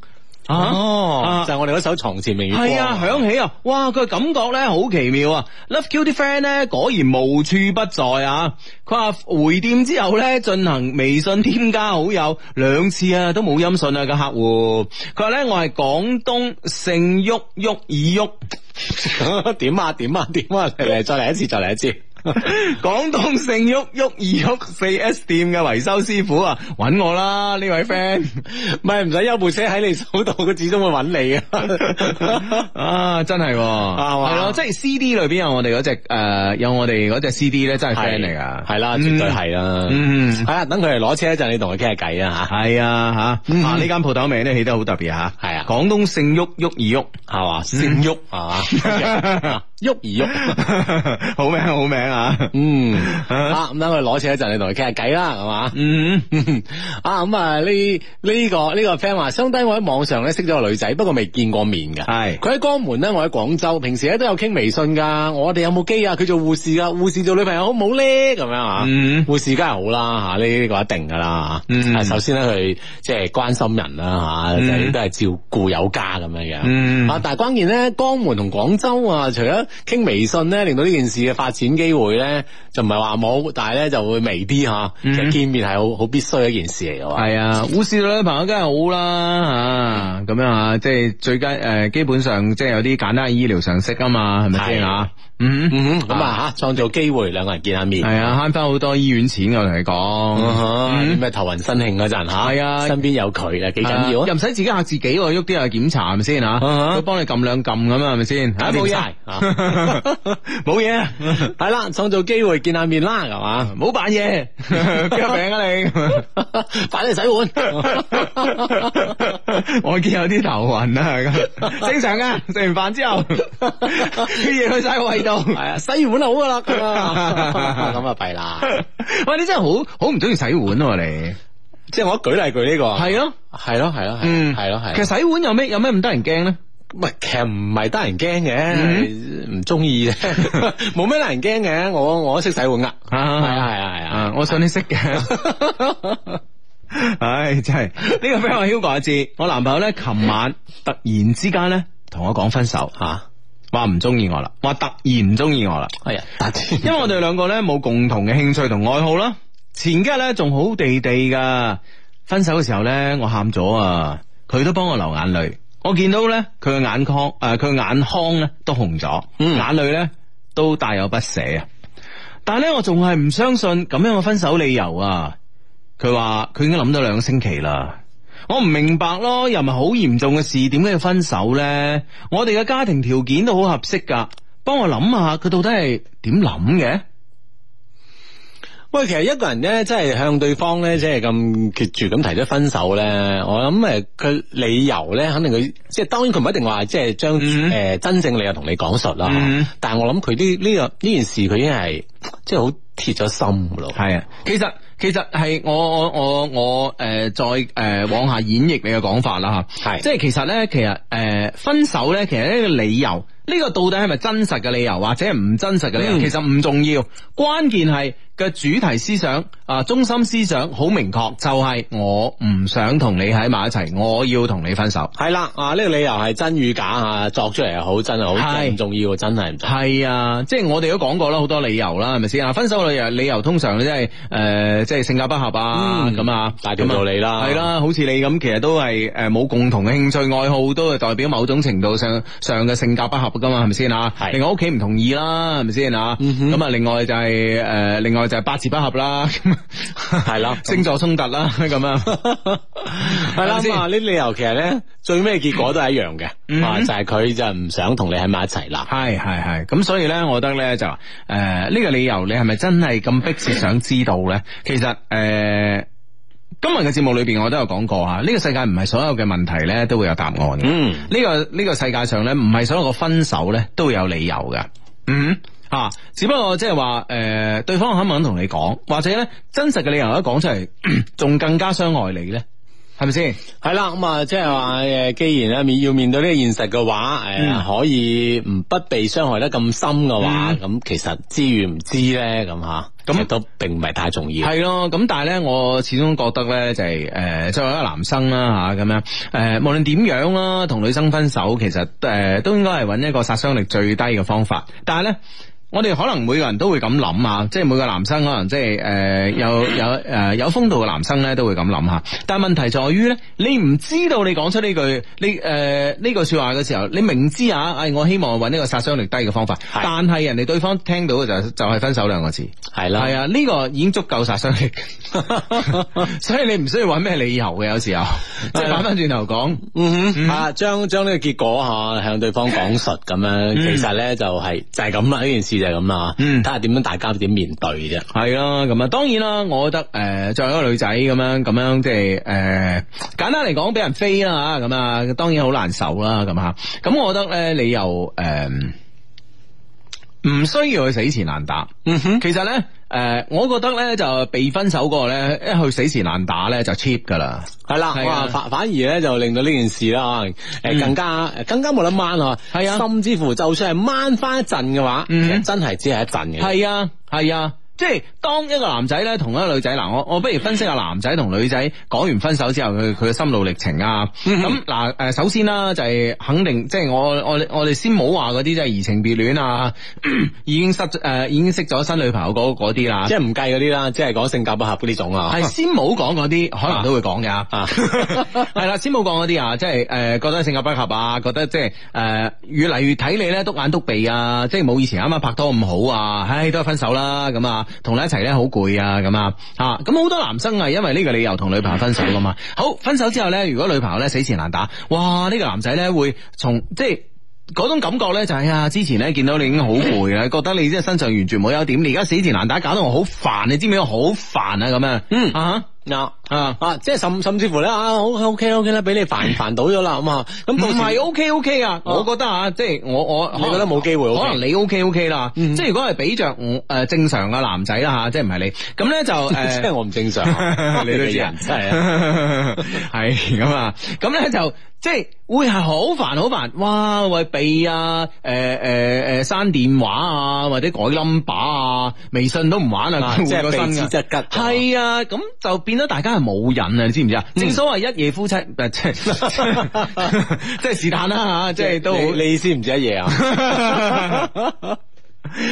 哦，啊啊、就係我哋嗰首床前明月光。係啊，響起啊，哇，佢嘅感覺咧好奇妙啊！Love Q 啲 friend 咧果然無處不在啊！佢話回店之後咧進行微信添加好友兩次啊，都冇音訊啊！個客戶，佢話咧我係廣東姓郁郁爾郁，點 啊點啊點啊嚟嚟，再嚟一次，再嚟一次。廣 東盛旭旭二旭四 S 店嘅維修師傅啊，揾我啦！呢位 friend，咪唔使收部車喺你手度，啊，佢始終會揾你啊！啊，真係係咯，即係 CD 裏邊有我哋嗰隻誒，有我哋嗰隻 CD 咧，真係 friend 嚟噶，係啦，絕對係啦，係啊，等佢嚟攞車一陣，你同佢傾下偈啊吓，係啊吓，啊呢間鋪頭名咧起得好特別吓，係 啊，廣東盛旭旭二旭係嘛，盛旭係嘛，旭二旭，好名好名啊！ 嗯，啊咁等、啊、我攞車一陣，你同佢傾下偈啦，係嘛、嗯啊？嗯，啊咁啊呢呢個呢、呢個 friend 話，相低我喺網上咧識咗個女仔，不過未見過面嘅。係佢喺江門咧，我喺廣州，平時咧都有傾微信噶。我哋有冇機啊？佢做護士噶，護士做女朋友好唔好咧？咁樣啊？嗯、護士梗係好啦，吓、呢、呢個一定噶啦。嗯、首先咧佢即係關心人啦，吓都係照顧有家咁樣樣。啊、嗯、但係關鍵咧，江門同廣州啊，除咗傾微信咧，令到呢件事嘅發展機會。會咧就唔係話冇，但係咧就會微啲吓，即、啊、係、嗯、見面係好好必須一件事嚟嘅話。係、嗯、啊，護士女朋友真係好啦、啊、吓，咁、啊、樣吓、啊，即係最佳誒、呃，基本上即係有啲簡單嘅醫療常識啊嘛，係咪先吓？嗯咁啊吓，創造機會兩個人見下面係啊慳翻好多醫院錢我同你講，咩頭暈身慶嗰陣吓，係啊，身邊有佢啊，幾緊要，又唔使自己吓自己喎，喐啲去檢查咪先吓，佢幫你撳兩撳咁啊，係咪先吓？冇嘢，冇嘢，係啦，創造機會見下面啦，係嘛，冇扮嘢，得病啊你，快啲洗碗，我見有啲頭暈啊，正常啊，食完飯之後去晒胃係 啊，洗完碗好噶啦，咁啊弊啦！喂，你真係好好唔中意洗碗喎，你即係我舉例舉呢、這個，係咯是的，係 咯，係咯，嗯，係咯，係。 其實洗碗有咩有咩咁得人驚咧？喂，其實唔係得人驚嘅，唔中意，冇咩得人驚嘅。我我識洗碗啊，係啊，係啊，係啊，我想你識嘅。唉，真係呢、這個非我囂過一次。 我男朋友咧，琴晚突然之間咧，同我講分手吓。話唔中意我啦，話突然唔中意我啦，係啊，因為我哋兩個呢冇共同嘅興趣同愛好啦，前幾日呢仲好地地噶，分手嘅時候呢，我喊咗啊，佢都幫我流眼淚，我見到呢，佢嘅眼眶誒佢、呃、眼眶呢都紅咗，眼淚呢都帶有不捨啊，但係呢我仲係唔相信咁樣嘅分手理由啊，佢話佢已經諗咗兩個星期啦。我唔明白咯，又咪好嚴重嘅事，點解要分手咧？我哋嘅家庭條件都好合適噶，幫我諗下佢到底係點諗嘅？喂，其實一個人咧，即係向對方咧，即係咁決絕咁提出分手咧，我諗誒，佢理由咧，肯定佢即係當然佢唔一定話即係將誒真正理由同你講述啦，嗯、但係我諗佢呢呢個呢件事，佢已經係即係好鐵咗心噶咯。係啊，其實。其實係我我我我誒、呃，再誒、呃、往下演繹你嘅講法啦吓，啊、是即係其實咧，其實誒、呃、分手咧，其實呢個理由呢、這個到底係咪真實嘅理由，或者係唔真實嘅理由，嗯、其實唔重要，關鍵係嘅主題思想啊，中心思想好明確，就係、是、我唔想同你喺埋一齊，我要同你分手。係啦，啊呢、這個理由係真與假啊，作出嚟，又好真又好唔是重要，真係唔係啊？即、就、係、是、我哋都講過啦，好多理由啦，係咪先啊？分手嘅理由，理由通常咧、就是，即係誒。即係性格不合啊，咁啊，大條道理啦，係啦，好似你咁，其實都係誒冇共同嘅興趣愛好，都係代表某種程度上上嘅性格不合噶嘛，係咪先啊？係。另外屋企唔同意啦，係咪先啊？咁啊，另外就係誒，另外就係八字不合啦，咁，係啦，星座衝突啦，咁樣係啦。啊，呢理由其實咧最尾結果都係一樣嘅，啊，就係佢就唔想同你喺埋一齊啦。係係係，咁所以咧，我覺得咧就誒呢個理由，你係咪真係咁迫切想知道咧？其實誒、呃，今日嘅節目裏邊我都有講過吓，呢、呢個世界唔係所有嘅問題咧都會有答案嘅。嗯，呢、呢個呢、呢個世界上咧唔係所有嘅分手咧都會有理由嘅。嗯，啊，只不過即係話誒，對方肯唔肯同你講，或者咧真實嘅理由一講出嚟，仲、嗯、更加傷害你咧。係咪先？係啦，咁啊，即係話誒，既然咧面要面對呢個現實嘅話，誒、嗯，可以唔不被傷害得咁深嘅話，咁、嗯、其實知與唔知咧，咁吓、嗯，咁亦都並唔係太重要。係咯，咁但係咧，我始終覺得咧、就是，就係誒，作為一個男生啦吓，咁樣誒，無論點樣啦，同女生分手，其實誒都應該係揾一個殺傷力最低嘅方法。但係咧。我哋可能每個人都會咁諗啊，即係每個男生可能即係誒、呃、有有誒有風度嘅男生咧都會咁諗吓。但係問題在於咧，你唔知道你講出呢句你誒呢、呃這個説話嘅時候，你明知啊，誒、哎、我希望揾呢個殺傷力低嘅方法，但係人哋對方聽到嘅就就係分手兩個字，係啦的，係啊，呢、這個已經足夠殺傷力， 所以你唔需要揾咩理由嘅。有時候的即係反翻轉頭講，嗯嗯嗯嗯啊，將將呢個結果吓向對方講述咁樣，其實咧就係、是、就係咁啊，呢件事、就是。係咁啦，嗯，睇下點樣大家都點面對啫，係咯，咁啊，當然啦，我覺得，誒、呃，作為一個女仔咁樣，咁樣即係，誒、呃，簡單嚟講，俾人飛啦吓，咁啊，當然好難受啦，咁吓，咁我覺得咧，你又，誒、呃。唔需要去死纏爛打，嗯哼，其實咧，誒、呃，我覺得咧就被分手過咧，一去死纏爛打咧就 cheap 噶啦，係啦了，係啊，反反而咧就令到呢件事啦，誒、嗯，更加誒更加冇得掹嗬，係啊，甚至乎就算係掹翻一陣嘅話，嗯、其實真係只係一陣嘅，係啊，係啊。即係當一個男仔咧，同一個女仔嗱，我我不如分析下男仔同女仔講完分手之後佢佢嘅心路歷程啊。咁嗱、嗯哼，誒，首先啦，就係肯定，即、就、係、是、我我我哋先冇話嗰啲即係移情別戀啊，已經失誒、呃、已經識咗新女朋友嗰啲啦。即係唔計嗰啲啦，即係講性格不合嗰啲種是啊。係先冇講嗰啲，可能都會講嘅啊。係、啊、啦， 先冇講嗰啲啊，即係誒覺得性格不合啊，覺得即係誒越嚟越睇你咧，篤眼篤鼻啊，即係冇以前啱啱拍拖咁好啊，唉，都係分手啦咁啊。同你一齊咧好攰啊咁啊，咁好多男生啊，因為呢個理由同女朋友分手噶嘛。好，分手之後呢，如果女朋友呢，死纏爛打，哇，呢個男仔呢，會從即係嗰種感覺呢、就係，就係之前呢，見到你已經好攰啦，覺得你即係身上完全冇優點。你而家死纏爛打搞到我好煩，你知唔知我好煩啊咁樣，嗯啊。嗱啊啊！即係甚甚至乎咧啊，好 OK OK 啦，俾你煩煩到咗啦咁啊！咁同埋 OK OK 啊！我覺得啊，即係我我你覺得冇機會，可能你 OK OK 啦。即係如果係俾着誒正常嘅男仔啦吓，即係唔係你咁咧就即係我唔正常，你都知係啊，係咁啊，咁咧就即係會係好煩好煩哇！喂，避啊誒誒誒刪電話啊，或者改 number 啊，微信都唔玩啊，即係鼻子只係啊，咁就變。見到大家係冇癮啊？你知唔知啊？嗯、正所謂一夜夫妻， 即係即係是但啦吓，即係都你知唔知一夜啊？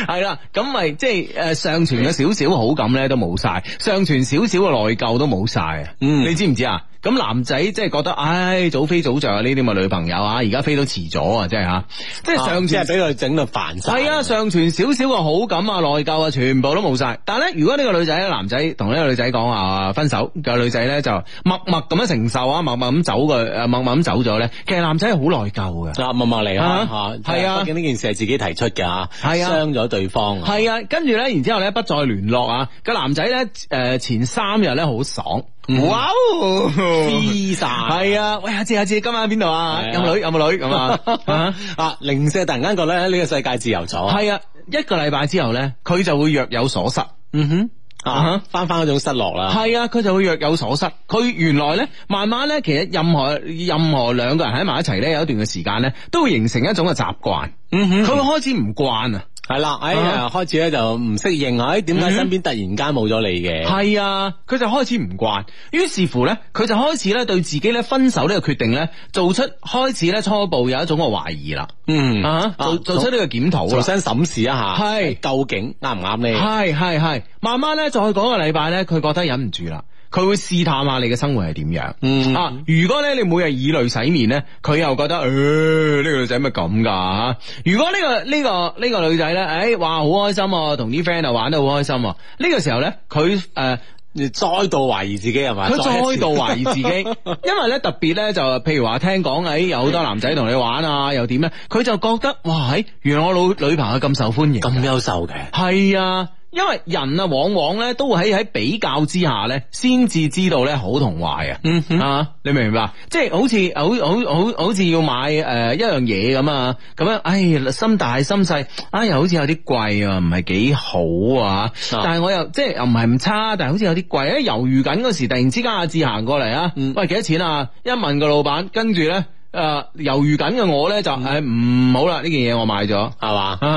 係啦， 咁咪即係誒，上傳嘅少少好感咧都冇晒，上傳少少嘅內疚都冇晒啊！嗯，你知唔知啊？咁男仔即係覺得，唉，早飛早着啊！呢啲咪女朋友啊，而家飛到遲咗啊，真係吓，即係上次係俾佢整到煩晒，係啊，尚存少少嘅好感啊、內疚啊，全部都冇晒。但係咧，如果呢個女仔咧，男仔同呢個女仔講啊分手，個女仔咧就默默咁樣承受啊，默默咁走佢，誒，默默咁走咗咧。其實男仔係好內疚嘅，啊，默默嚟，吓，係啊，畢竟呢件事係自己提出嘅，吓，係啊，傷咗對方，係啊，跟住咧，然之後咧不再聯絡啊，個男仔咧誒前三日咧好爽。哇哦 v i s 係啊，啊！喂，阿姐、姐，阿姐、姐，今晚喺邊度啊？啊有冇女？有冇女咁啊？ 啊，零舍突然間覺得呢、這個世界自由咗，係啊，一個禮拜之後咧，佢就會若有所失。嗯哼，啊哈、嗯哼，翻翻嗰種失落啦。係啊，佢就會若有所失。佢原來咧，慢慢咧，其實任何任何兩個人喺埋一齊咧，有一段嘅時間咧，都會形成一種嘅習慣。嗯哼，佢會 開始唔慣啊。係啦，哎，啊、開始咧就唔適應，哎，點解身邊突然間冇咗你嘅？係啊，佢就開始唔慣，於是乎咧，佢就開始咧對自己咧分手呢個決定咧，做出開始咧初步有一種嘅懷疑啦。嗯，啊，做做出呢個檢討，重新審視一下，係，係究竟啱唔啱咧？係係係，慢慢咧再去嗰個禮拜咧，佢覺得忍唔住啦。佢會試探下你嘅生活係點樣、嗯、啊？如果咧你每日以淚洗面咧，佢又覺得誒呢、欸這個女仔乜咁㗎如果呢、這個呢、這個呢、這個女仔咧，誒、欸、哇好開心，啊！同啲 friend 啊玩得好開心，啊！呢、這個時候咧佢誒再度懷疑自己係咪？佢再度懷疑自己，因為咧特別咧就譬如話聽講誒、欸、有好多男仔同你玩啊，又點咧？佢就覺得哇、欸、原來我老女朋友咁受歡迎、啊，咁優秀嘅，係啊。因為人啊，往往咧都會喺喺比較之下咧，先至知道咧好同壞啊！嗯、哼啊，你明唔明白？即係好似好好好好似要買誒、呃、一樣嘢咁啊！咁樣，哎，心大心細，哎，又好似有啲貴啊，唔係幾好啊！啊但係我又即係又唔係唔差，但係好似有啲貴、啊，猶豫緊嗰時，突然之間阿志行過嚟啊！喂，幾多錢啊？一問個老闆，跟住咧。誒、猶、呃、豫緊嘅我咧就誒唔、哎嗯、好啦，呢件嘢我買咗，係嘛吧？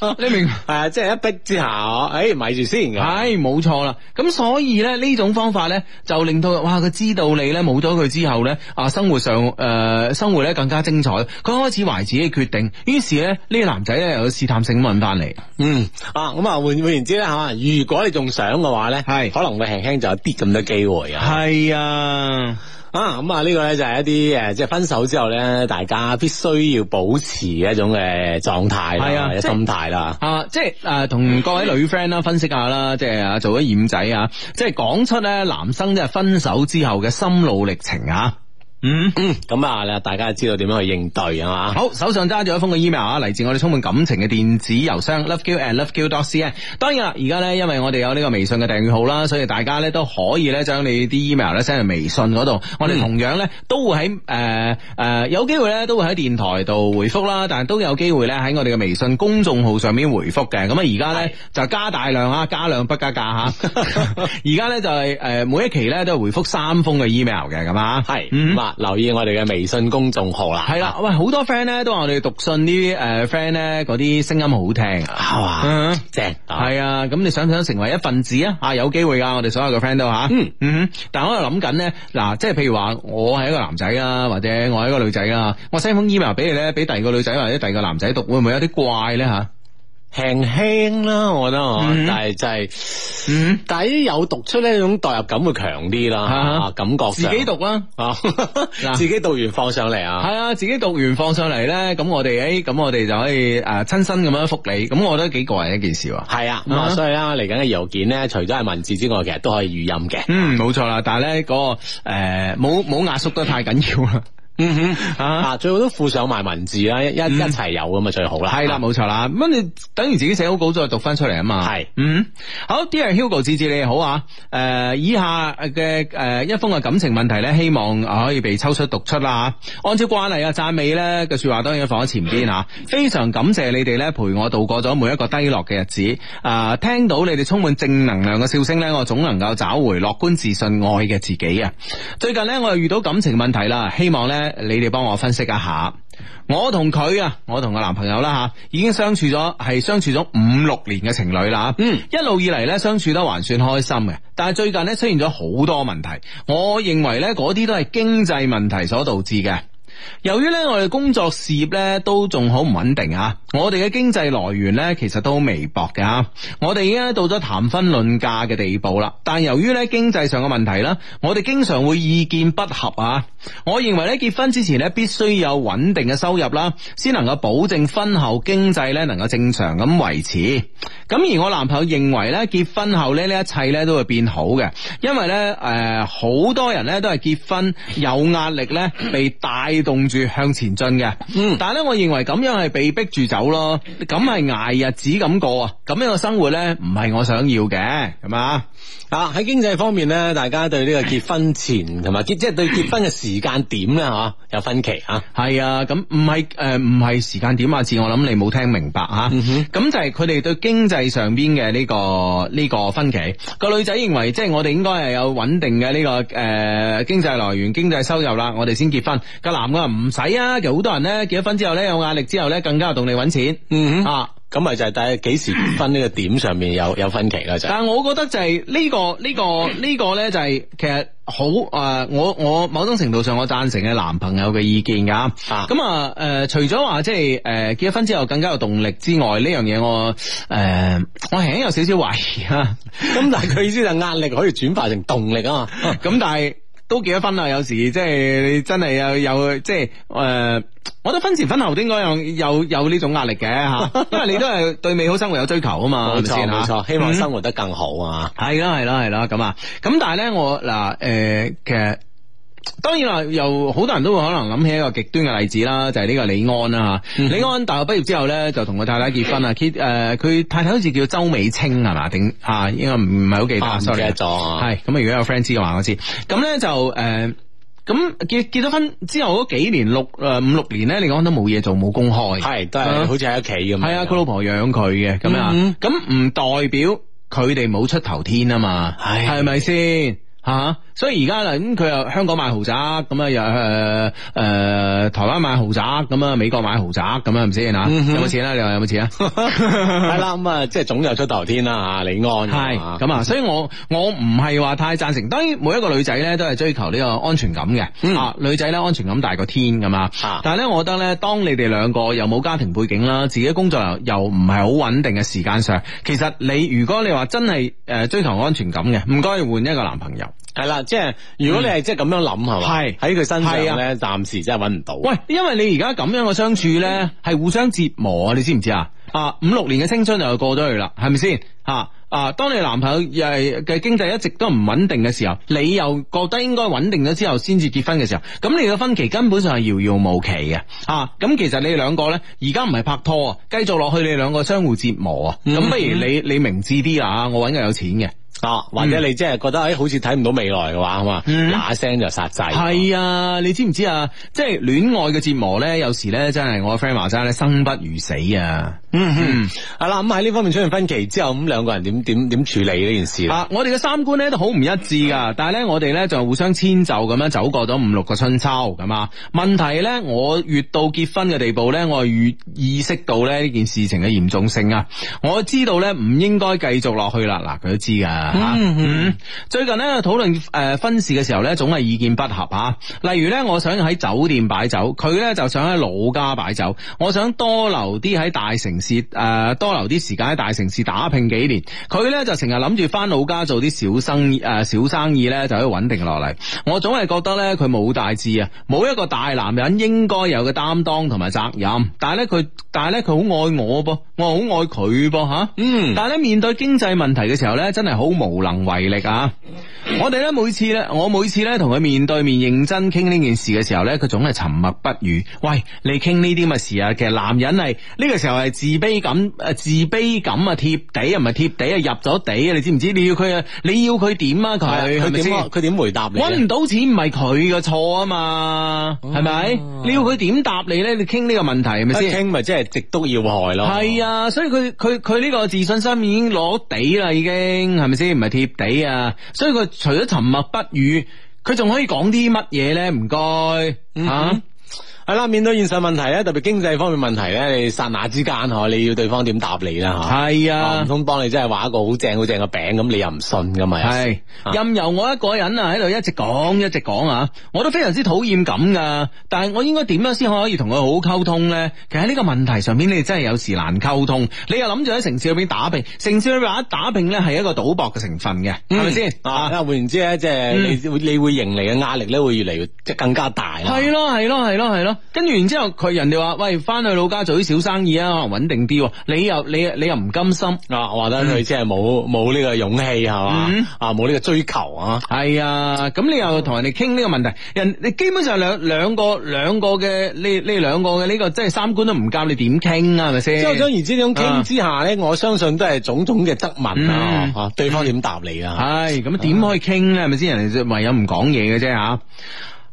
啊、 你明係啊？即係一逼之下，誒、哎，咪住先嘅。係、啊，冇錯啦。咁所以咧呢種方法咧就令到哇，佢知道你咧冇咗佢之後咧啊，生活上誒、呃、生活咧更加精彩。佢開始懷疑自己嘅決定，於是咧呢、這個男仔咧又試探性咁問翻你。嗯，啊，咁啊換換言之咧吓、啊，如果你仲想嘅話咧，係是可能會輕輕就有啲咁多機會啊。係啊。啊，咁啊，呢個咧就係一啲誒，即係分手之後咧，大家必須要保持一種嘅狀態係啊，心態啦。啊、呃，即係誒，同各位女 friend 啦，分析下啦的，即係啊，做咗染仔啊，即係講出咧，男生即係分手之後嘅心路歷程啊。嗯嗯，咁啊，嗯，嗯，大家知道點樣去應對啊嘛？好，手上揸住一封嘅 email 啊，嚟自我哋充滿感情嘅電子郵箱 Love Q at Love Q dot C N。當然啦，而家呢，因為我哋有呢個微信嘅訂閱號啦，所以大家呢都可以呢將你啲 email 呢 send 嚟微信嗰度。我哋同樣呢都會喺誒誒有機會呢都會喺電台度回覆啦，但係都有機會呢喺我哋嘅微信公眾號上面回覆嘅。咁啊，而家呢，是就加大量啊，加量不加價吓。而 家 呢，就係誒每一期呢都係回覆三封嘅 email 嘅，咁啊，係。留意我哋嘅微信公眾號啦，係啦、啊，喂，好多 friend 咧都話我哋讀信呢啲誒 friend 咧嗰啲聲音好聽，係嘛，正係啊，咁、啊好啊、你想唔想成為一份子啊？啊，有機會噶，我哋所有嘅 friend 都吓，啊、嗯嗯，但係我喺度諗緊咧，嗱，即係譬如話我係一個男仔啊，或者我係一個女仔啊，我 send 封 email 俾你咧，俾第二個女仔或者第二個男仔讀，會唔會有啲怪咧吓？輕輕啦，我覺得我、嗯、但係就係、是，嗯、但係有讀出呢種代入感會強啲啦，啊、感覺、就是、自己讀啦，啊，自己讀完放上嚟啊，係啊，自己讀完放上嚟咧，咁我哋誒，咁我哋就可以誒，親、啊、身咁樣復你，咁我覺得幾過癮一件事喎，係啊，咁啊，所以啦，嚟緊嘅郵件咧，除咗係文字之外，其實都可以語音嘅，嗯，冇錯啦，但係咧、那個，嗰個誒，冇冇壓縮得太緊要啦。嗯哼啊，啊最，最好都附上埋文字啦，一一一齊有咁啊最好啦。係啦，冇錯啦。咁你、嗯、等於自己寫好稿再讀翻出嚟啊嘛。係，嗯，好。Dear Hugo，智智你好啊，誒、呃，以下嘅誒、呃、一封嘅感情問題咧，希望可以被抽出讀出啦。按照慣例啊，讚美咧嘅說話當然放喺前邊啊，非常感謝你哋咧，陪我度過咗每一個低落嘅日子。啊、呃，聽到你哋充滿正能量嘅笑聲咧，我總能夠找回樂觀自信愛嘅自己啊。最近咧我，我又遇到感情問題啦，希望咧。你哋幫我分析一下，我同佢啊，我同我男朋友啦吓，已經相處咗係相處咗五六年嘅情侶啦，嗯，一路以嚟咧相處得還算開心嘅，但係最近咧出現咗好多問題，我認為咧嗰啲都係經濟問題所導致嘅。由於咧我哋工作事業咧都仲好唔穩定啊，我哋嘅經濟來源咧其實都好微薄嘅。我哋已經到咗談婚論嫁嘅地步啦。但由於咧經濟上嘅問題啦，我哋經常會意見不合啊。我認為咧結婚之前咧必須有穩定嘅收入啦，先能夠保證婚後經濟咧能夠正常咁維持。咁而我男朋友認為咧結婚後咧呢一切咧都會變好嘅，因為咧誒好多人咧都係結婚有壓力咧被帶。凍住向前進嘅，嗯，但係咧，我認為咁樣係被逼住走咯，咁係捱日子咁過啊，咁樣嘅生活咧，唔係我想要嘅，係嘛？啊，啊喺經濟方面咧，大家對呢個結婚前同埋結，即係對結婚嘅時間點咧，吓有分歧啊，係啊，咁唔係誒唔係時間點二字，我諗你冇聽明白吓，咁，嗯哼，就係佢哋對經濟上邊嘅呢個呢個分歧。個女仔認為，即係我哋應該係有穩定嘅呢個誒經濟來源、經濟收入啦，我哋先結婚。個男。唔使啊，其實好多人咧結咗婚之後咧有壓力之後咧更加有動力揾錢，嗯、哼啊咁咪就係睇幾時分呢個點上面有有分歧啦、啊、就。但係我覺得就係呢、這個呢、這個呢、這個咧就係其實好誒、呃，我我某種程度上我贊成嘅男朋友嘅意見噶、啊，咁啊誒、啊呃、除咗話即係誒結咗婚之後更加有動力之外，呢樣嘢我誒、呃、我係有少少懷疑啊。咁 但係佢意思就係壓力可以轉化成動力啊嘛，咁、啊、但係。 都幾多分啊！有時即係你真係有有即係誒、呃，我覺得婚前婚後都應該有有呢種壓力嘅吓， 因為你都係對美好生活有追求啊嘛，係咪先吓？希望生活得更好啊，係啦係啦係啦咁啊咁，但係咧我嗱誒、呃、其實。當然啦，又好多人都會可能諗起一個極端嘅例子啦，就係、是、呢個李安啦，啊，李安大學畢業之後咧，就同個太太結婚啦。佢誒，佢太太好似叫周美清係嘛？定啊，應該唔唔係好記得。sorry 一咗。係咁啊，sorry 嗯、如果有 friend 知嘅話，我知。咁咧就誒，咁、嗯、結結咗婚之後嗰幾年六誒五六年咧，李安都冇嘢做，冇公開，係都係好似喺屋企咁。係對啊，佢吧、啊、老婆養佢嘅咁樣。咁唔代表佢哋冇出頭天啊嘛。係係咪先吓？所以而家嗱咁，佢又香港買豪宅咁啊，又誒誒、呃，台灣買豪宅咁啊，美國買豪宅咁啊，唔知啊， 有冇錢啦？你話有冇錢啊？係啦，咁啊，即係總有出頭天啦。啊，李安係咁啊， 所以我我唔係話太贊成。當然，每一個女仔咧都係追求呢個安全感嘅啊。嗯、女仔咧安全感大過天咁啊，但係咧，我覺得咧，當你哋兩個又冇家庭背景啦，自己工作又又唔係好穩定嘅時間上，其實你如果你話真係誒追求安全感嘅，唔該換一個男朋友。係啦，即係如果你係即係咁樣諗係嘛，喺佢、嗯、身上咧，暫是、啊、時真係揾唔到。喂，因為你而家咁樣嘅相處咧，係互相折磨啊！你知唔知啊？啊，五六年嘅青春又過咗去啦，係咪先？啊啊，當你男朋友又係嘅經濟一直都唔穩定嘅時候，你又覺得應該穩定咗之後先至結婚嘅時候，咁你嘅婚期根本上係遙遙無期嘅。啊，咁其實你哋兩個咧，而家唔係拍拖啊，繼續落去你哋兩個相互折磨啊！咁、嗯、不如你你明智啲啊，我揾個有錢嘅。啊，或者你即係覺得誒、嗯哎，好似睇唔到未來嘅話，係嘛、嗯，嗱聲就殺制。係啊，你知唔知啊？即係戀愛嘅折磨咧，有時咧真係我 friend 話齋咧，生不如死啊！嗯嗯，係、嗯、啦，咁喺呢方面出現分歧之後，咁兩個人點點點處理呢件事？I i 啊，我哋嘅三觀咧都好唔一致噶，嗯、但係咧我哋咧就互相遷就咁樣走過咗五六個春秋，咁啊問題咧，我越到結婚嘅地步咧，我越意識到咧呢件事情嘅嚴重性啊，我知道咧唔應該繼續落去啦。嗱、啊，佢都知噶吓。啊嗯嗯、最近咧討論誒婚事嘅時候咧，總係意見不合吓、啊。例如咧，我想喺酒店擺酒，佢咧就想喺老家擺酒。我想多留啲喺大城市。誒，多留啲時間喺大城市打拼幾年，佢呢，就成日諗住翻老家做啲小生意誒、呃，小生意呢就可以穩定落嚟。我總係覺得呢，佢冇大志啊，冇一個大男人應該有嘅擔當同埋責任。但係呢，佢但係呢，佢好愛我噃。我好愛佢噃，吓，嗯，但係咧面對經濟問題嘅時候咧，真係好無能為力啊！我哋咧每次咧，我每次咧同佢面對面認真傾呢件事嘅時候咧，佢總係沉默不語。喂，你傾呢啲咁嘅事啊，其實男人係呢個時候係自卑感誒，自卑感啊，貼地啊，唔係貼地啊，入咗地啊，你知唔知你？你要佢啊，你要佢點啊？佢佢點？佢點回答你？搵唔到錢唔係佢嘅錯啊嘛，係咪？你要佢點答你咧？你傾呢個問題係咪先？傾咪即係直篤要害咯。係啊。啊！所以佢佢佢呢個自信心已經攞地啦，已經係咪先？唔係貼地啊！所以佢除咗沉默不語，佢仲可以講啲乜嘢咧？唔該，吓、嗯嗯。啊係啦，面對現實問題咧，特別經濟方面問題咧，你剎那之間嗬，你要對方點答你啦吓？係啊，唔通幫你真係畫一個好正好正嘅餅，咁你又唔信噶嘛？係任由我一個人啊喺度一直講一直講啊，我都非常之討厭咁噶。但係我應該點樣先可以同佢好好溝通咧？其實呢個問題上面，你真係有時難溝通。你又諗住喺城市裏邊打拼，城市裏邊打打拼咧係一個賭博嘅成分嘅，係咪先啊？換言之咧，即係你你會迎嚟嘅壓力咧會越嚟越即係更加大。係咯係咯係咯係咯。跟住然之後，佢人哋話：喂，翻去老家做啲小生意啊，可能穩定啲。你又你你又唔甘心啊？話得佢真係冇冇呢個勇氣係嘛？嗯、啊，冇呢個追求啊？係啊，咁、嗯、你又同人哋傾呢個問題，人你基本上兩兩個兩個嘅呢呢兩個嘅呢、這個，即係三觀都唔夾，你點傾啊？係咪先？即係講然之，咁傾之下咧，啊、我相信都係種種嘅質問啊！吓，嗯、對方點答你啊？係咁點可以傾咧？係咪先？人哋唯有唔講嘢嘅啫吓。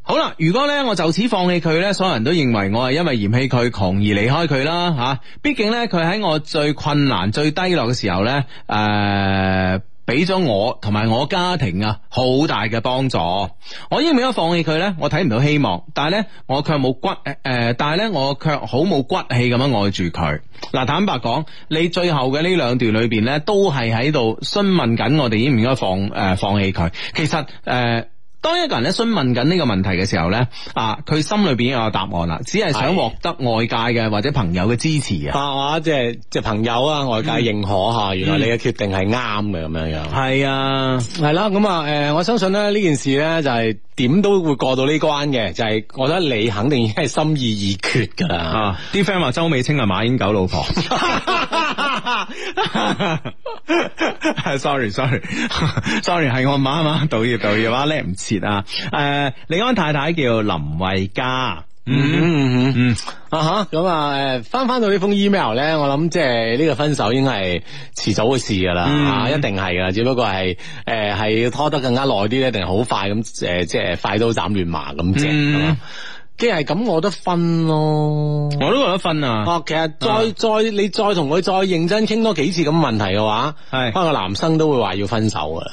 好啦，如果咧我就此放棄佢呢，所有人都認為我係因為嫌棄佢窮而離開佢啦吓。畢竟呢，佢喺我最困難、最低落嘅時候呢，誒、呃，俾咗我同埋我家庭啊好大嘅幫助。我應唔應該放棄佢呢，我睇唔到希望，但係呢，我卻冇骨誒、呃，但係呢，我卻好冇骨氣咁樣愛住佢。嗱、呃，坦白講，你最後嘅呢兩段裏邊呢，都係喺度詢問緊我哋應唔應該放誒、呃、放棄佢。其實誒。呃當一個人咧詢問緊呢個問題嘅時候咧，啊，佢心裏邊有答案啦，只係想獲得外界嘅或者朋友嘅支持啊，係即係即係朋友啊，外界認可吓，嗯、原來你嘅決定係啱嘅咁樣樣。係啊，係啦，咁啊，誒、呃，我相信咧呢件事咧就係、是、點都會過到呢關嘅，就係、是、我覺得你肯定已經係心意已決噶啦。啲 friend 話周美清係馬英九老婆。 啊 ，sorry，sorry，sorry，係 sorry, 我媽媽道歉道歉啊，叻唔切啊，誒，uh, 李安太太叫林惠嘉，嗯嗯啊吓，咁、hmm. 啊、uh，誒，翻翻到呢封 email 咧，我諗即係呢個分手應該係遲早嘅事噶啦，吓、mm，hmm. 一定係噶，只不過係誒係要拖得更加耐啲咧，定係好快咁，誒即係快刀斬亂麻咁啫。即係咁，我都瞓咯，我都覺得瞓啊！哦，其實再的再你再同佢再認真傾多幾次咁問題嘅話，係的，可能個男生都會話要分手噶，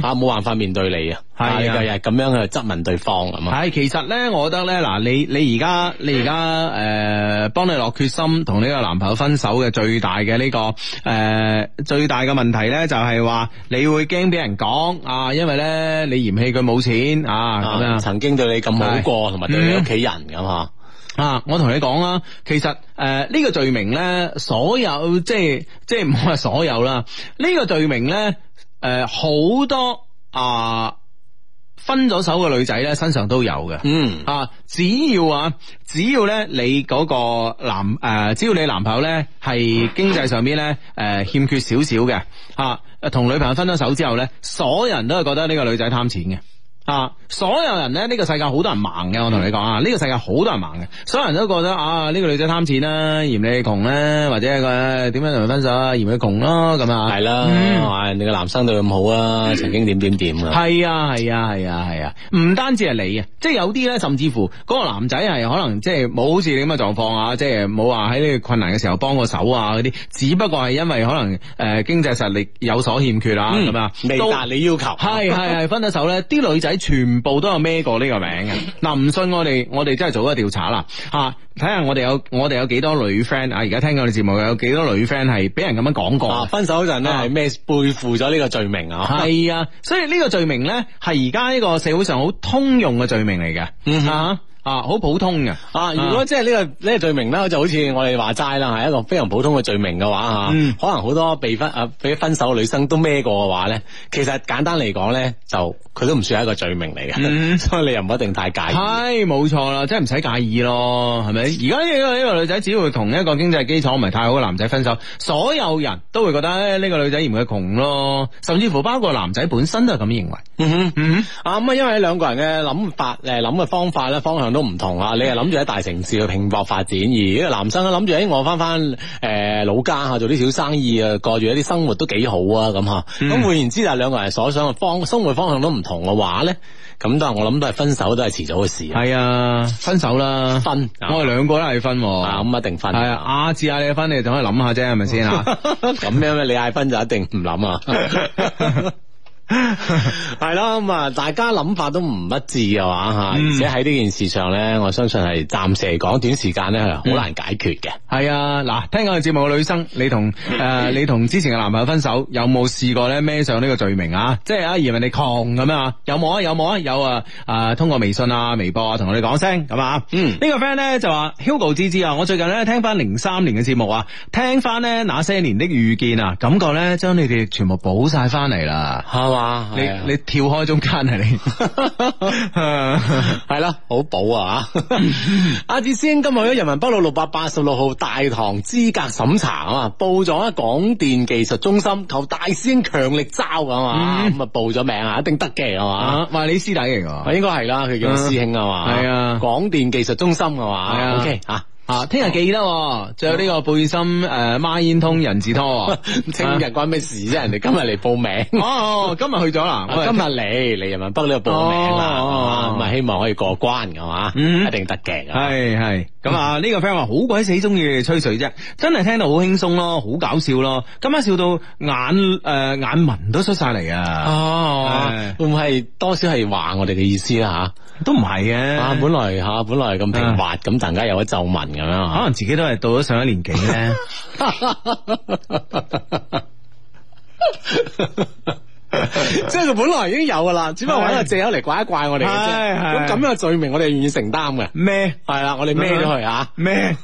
吓冇的、啊、辦法面對你啊！係日日咁樣去質問對方咁啊？係其實咧，我覺得咧，嗱，你你而家你而家誒，幫、呃、你落決心同呢個男朋友分手嘅最大嘅呢、這個誒、呃，最大嘅問題咧、就係，就係話你會驚俾人講啊，因為咧你嫌棄佢冇錢啊，啊，咁樣啊，曾經對你咁好過，同埋的對你屋企人咁啊。啊，我同你講啦，其實誒呢個罪名咧，所有即係即係唔好話所有啦，呢個罪名咧誒好多啊。分咗手嘅女仔咧，身上都有嘅。嗯啊，只要啊，只要咧，你嗰個男誒、呃，只要你男朋友咧係經濟上面咧誒欠缺少少嘅啊，同女朋友分咗手之後咧，所有人都係覺得呢個女仔貪錢嘅啊。所有人咧，呢、這個世界好多人盲嘅，我同你講啊，呢、這個世界好多人盲嘅，所有人都覺得啊，呢、這個女仔貪錢啦、啊，嫌你窮咧、啊，或者佢點樣同佢分手，啊，嫌佢窮啦，咁啊，係啦，的嗯、話你個男生對佢咁好啊，曾經點點點啊，係啊、嗯，係啊，係啊，係啊，唔單止係你啊，即係有啲咧，甚至乎嗰個男仔係可能即係冇好似你咁嘅狀況啊，即係冇話喺呢個困難嘅時候幫過手啊嗰啲，只不過係因為可能誒經濟實力有所欠缺啊咁啊，未、嗯、達你要求、啊，係係係分咗手咧，啲女仔全。 部都有孭過呢個名嘅，嗱唔信我哋，我哋真係做一個調查啦，吓睇下我哋有我哋有幾多女 friend 啊，而家、啊、聽我哋節目有幾多女 friend 係俾人咁樣講過、啊，分手嗰陣咧係咩背負咗呢個罪名啊？係啊，所以呢個罪名咧係而家呢個社會上好通用嘅罪名嚟嘅，嗯哼啊。啊，好普通嘅啊！如果即係呢個呢個罪名咧，就好似我哋話齋啦，係一個非常普通嘅罪名嘅話吓，嗯、可能好多被分啊，俾分手嘅女生都孭過嘅話咧，其實簡單嚟講咧，就佢都唔算係一個罪名嚟嘅，嗯、所以你又唔一定太介意。係，冇錯啦，即係唔使介意咯，係咪？而家呢個呢個女仔，只要同一個經濟基礎唔係太好嘅男仔分手，所有人都會覺得咧呢個女仔嫌佢窮咯，甚至乎包括男仔本身都係咁認為嗯。嗯哼，啊咁啊，因為兩個人嘅諗法誒諗嘅方法咧方向。都唔同啊，你又諗住喺大城市去拼搏發展，而呢個男生咧諗住，誒，我翻翻誒老家吓做啲小生意啊，過住一啲生活都幾好啊，咁吓。咁換、嗯、言之，就係兩個人所想嘅方生活方向都唔同嘅話咧，咁都係我諗都係分手都係遲早嘅事。係啊，分手啦，分，啊、我哋兩個都係分啊，咁一定分。係啊，阿志阿你分，你就可以諗下啫，係咪先？咁樣， 你嗌分就一定唔諗啊。 係咯咁啊！大家諗法都唔一致啊嘛。吓、嗯，而且喺呢件事上咧，我相信係暫時嚟講，短時間咧係好難解決嘅。係啊、嗯，嗱，聽我嘅節目嘅女生，你同誒、嗯呃、你同之前嘅男朋友分手，有冇試過咧孭上呢個罪名啊？即係啊，以為你窮咁樣啊？有冇啊？有冇啊？有啊？啊，通過微信啊、微博啊，同我哋講聲咁啊，嗯，呢個 friend 咧就話 Hugo 芝芝啊，我最近咧聽翻零三年嘅節目啊，聽翻呢那些年的遇見啊，感覺咧將你哋全部補晒翻嚟啦。你你跳開中間啊，你，係啦，好補啊！阿志師兄今日喺人民北路六百八十六號大堂資格審查啊嘛，報咗喺廣電技術中心，求大師兄強力嘲㗎嘛，咁啊報咗名啊，一定得嘅係嘛，唔係你師弟嚟噶，我應該係啦，佢叫師兄啊嘛，係啊，廣電技術中心係嘛，OK 啊。啊！聽日記得，仲有呢個背心誒孖煙通人字拖，聽日關咩事啫？人哋今日嚟報名，哦，今日去咗啦，我今日嚟嚟又咪？不過呢個報名啦，咁咪希望可以過關嘅嘛，一定得嘅。係係咁啊！呢個 friend 話好鬼死中意吹水啫，真係聽到好輕鬆咯，好搞笑咯，今晚笑到眼誒眼紋都出晒嚟啊！哦，會唔會係多少係話我哋嘅意思啦吓？都唔係嘅，本來吓、啊、本來咁平滑，咁突然間有咗皺紋咁樣，可能自己都係到咗上一年紀咧。即係佢本來已經有噶啦，是 只不過搵個借口嚟怪一怪我哋嘅啫。咁咁是、嗯、樣嘅罪名我咩， 我哋願意承擔嘅。咩？係啦，我哋孭咗佢啊。咩？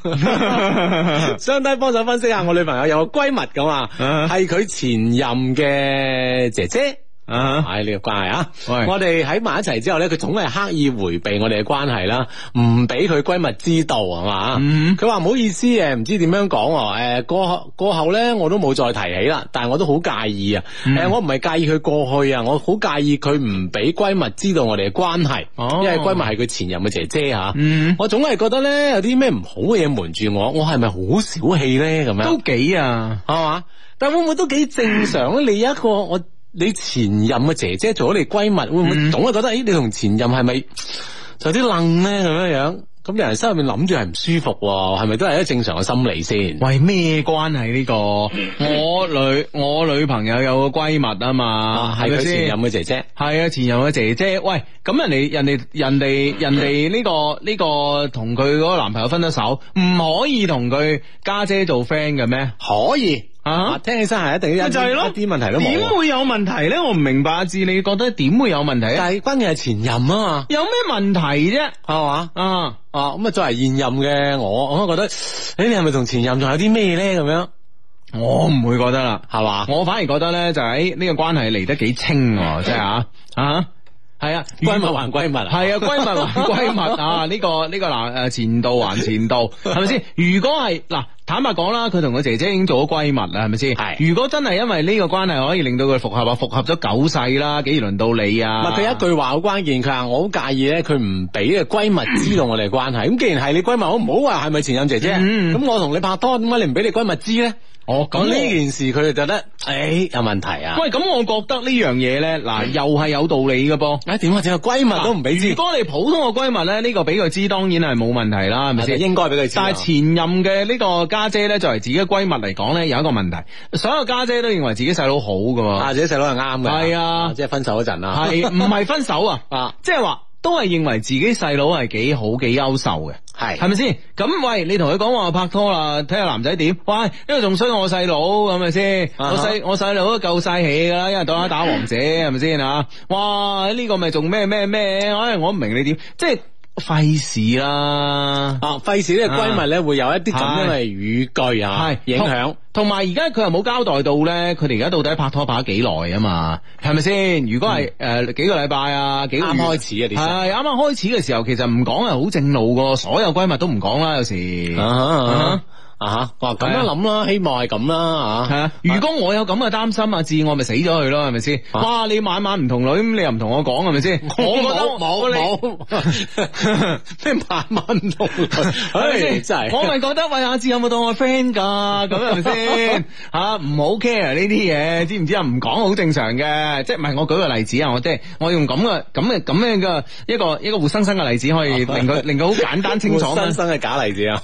相低幫手分析下，我女朋友有個閨蜜咁啊，係佢前任嘅姐姐。啊！喺呢、哎呢個關係啊，喂我哋喺埋一齊之後咧，佢總係刻意回避我哋嘅關係啦，唔俾佢閨蜜知道，係嘛？佢話唔好意思誒，唔知點樣講誒，過後過後咧我都冇再提起啦，但係我都好介意啊！誒、嗯，我唔係介意佢過去啊，我好介意佢唔俾閨蜜知道我哋嘅關係，哦、因為閨蜜係佢前任嘅姐姐吓。嗯、我總係覺得咧有啲咩唔好嘅嘢瞞住我，我係咪好小氣咧？咁樣都幾啊，係嘛？但會唔會都幾正常咧？ 你一個我。你前任嘅姐姐做咗你閨蜜，會唔會總係覺得，咦、哎？你同前任係咪就啲愣咧咁樣樣？咁你人生入面諗住係唔舒服，係咪都係一正常嘅心理先？喂，咩關係呢個？我女我女朋友有個閨蜜啊嘛，係佢、啊、前任嘅姐姐，係啊，前任嘅姐姐。喂，咁人哋人哋人哋人哋呢、這個呢、這個同佢嗰個男朋友分咗手，唔可以同佢家姐做 friend 嘅咩？可以。啊，聽起身係一定有有一啲問題咯。點會有問題咧？我唔明白，阿志你覺得點會有問題啊？但係關鍵係前任啊嘛。有咩問題啫？係嘛啊啊咁啊，作為現任嘅我，我都覺得誒，你係咪同前任仲有啲咩咧？咁樣我唔會覺得啦，係嘛吧？我反而覺得咧，就喺呢個關係嚟得幾清，即係啊啊，係、就是、啊，閨蜜還閨蜜，係啊，閨蜜還閨蜜啊，呢個呢、這個嗱誒、這個呃，前度還前度，係咪先？如果係嗱。坦白講啦，佢同個姐姐已經做咗閨蜜啦，係咪先？係是。如果真係因為呢個關係可以令到佢復合啊，復合咗九世啦，幾時輪到你啊？佢一句話好關鍵，佢話我好介意咧，佢唔俾啊閨蜜知道我哋關係。咁、嗯、既然係你閨蜜，我唔好話係咪前任姐姐？咁、嗯、我同你拍拖點解你唔俾你閨蜜知咧？我講呢件事佢哋、嗯、就得，誒、哎、有問題啊？喂，咁我覺得呢樣嘢咧，嗱、嗯、又係有道理嘅噃。誒點解、哎、啊？整個閨蜜都唔俾知。如果你普通個閨密、這個閨蜜咧，呢個俾佢知當然係冇問題啦，係咪先？應該俾佢知。但係前任嘅呢、這個家姐咧，作為自己嘅閨蜜嚟講咧，有一個問題，所有家姐都認為自己細佬好噶，啊，自己細佬係啱嘅，係啊，啊，即係分手嗰陣啊，係唔係分手啊？啊， 即係話都係認為自己細佬係幾好幾優秀嘅，係係咪先？咁喂，你同佢講話拍拖啦，睇下，男仔點？喂，因為仲衰我細佬，係咪先？我細我細佬都夠晒氣噶啦，一日到黑打王者，係咪先啊？ 哇，呢個咪仲咩咩咩？唉，我唔明你點，即係。費事啦，啊，費事呢個閨蜜咧會有一啲咁樣嘅語句啊，影響。同埋而家佢又冇交代到咧，佢哋而家到底拍拖拍咗幾耐啊嘛？係咪先？如果係誒、嗯呃、幾個禮拜啊，幾個月，啱開始啊啲，係啱啱開始嘅時候，其實唔講係好正路㗎，所有閨蜜都唔講啦，有時。啊吓，我咁樣諗啦，希望係咁啦，吓，係啊。如果我有咁嘅擔心，阿志我咪死咗佢咯，係咪先？哇，你晚晚唔同女，你又唔同我講，係咪先？我覺得冇冇咩晚晚唔同我咪覺得喂，阿志有冇當我 friend 噶？咁係咪先？吓，唔好 care 呢啲嘢，知唔知啊？唔講好正常嘅，即係唔係？我舉個例子啊，我即係我用咁嘅咁嘅咁樣嘅一個一個活生生嘅例子，可以令佢令佢好簡單清楚。活生生嘅假例子啊，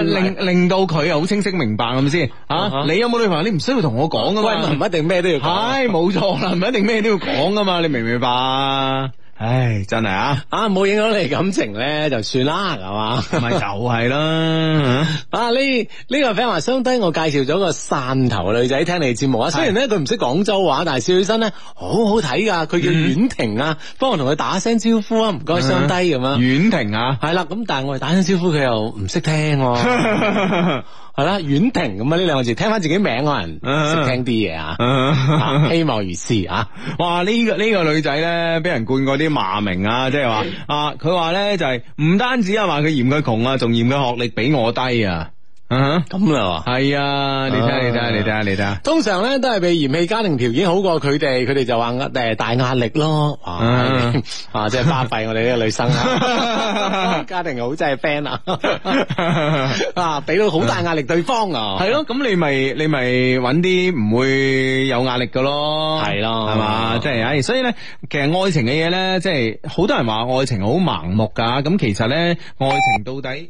令令。到佢又好清晰明白，係咪先？吓、啊，你有冇女朋友？你唔需要同我講噶。喂、啊，唔一定咩都要講，係冇錯啦，唔一定咩都要講噶嘛，你明唔明白？唉，真係啊，啊！ 啊，冇影響你感情咧，就算啦，係嘛，咪就係啦。啊，呢呢、這個 friend 話，相低我介紹咗個汕頭女仔聽你節目啊。雖然咧佢唔識廣州話，但係笑起身咧好好睇噶。佢叫婉婷啊，幫、嗯、我同佢打聲招呼啊，唔該相低咁樣。婉婷啊，係啦，咁但係我哋打聲招呼，佢又唔識聽。 係啦，婉婷咁啊，呢兩個字，聽翻自己名可能識聽啲嘢 啊。希望如斯啊！哇，呢個呢個女仔咧，俾人冠過啲罵名啊，即係話啊，佢話咧就係唔單止啊，話佢嫌佢窮啊，仲嫌佢學歷比我低啊。啊咁啦，係啊！你睇，你睇，你睇，你睇。通常咧都係被嫌棄家庭條件好過佢哋，佢哋就話誒大壓力咯。啊即係巴閉我哋呢個女生啊。家庭好真係 friend 啊！啊，俾到好大壓力對方啊，係咯。咁你咪你咪揾啲唔會有壓力嘅咯，係咯，係嘛？即係唉，所以咧，其實愛情嘅嘢咧，即係好多人話愛情好盲目噶。咁其實咧，愛情到底？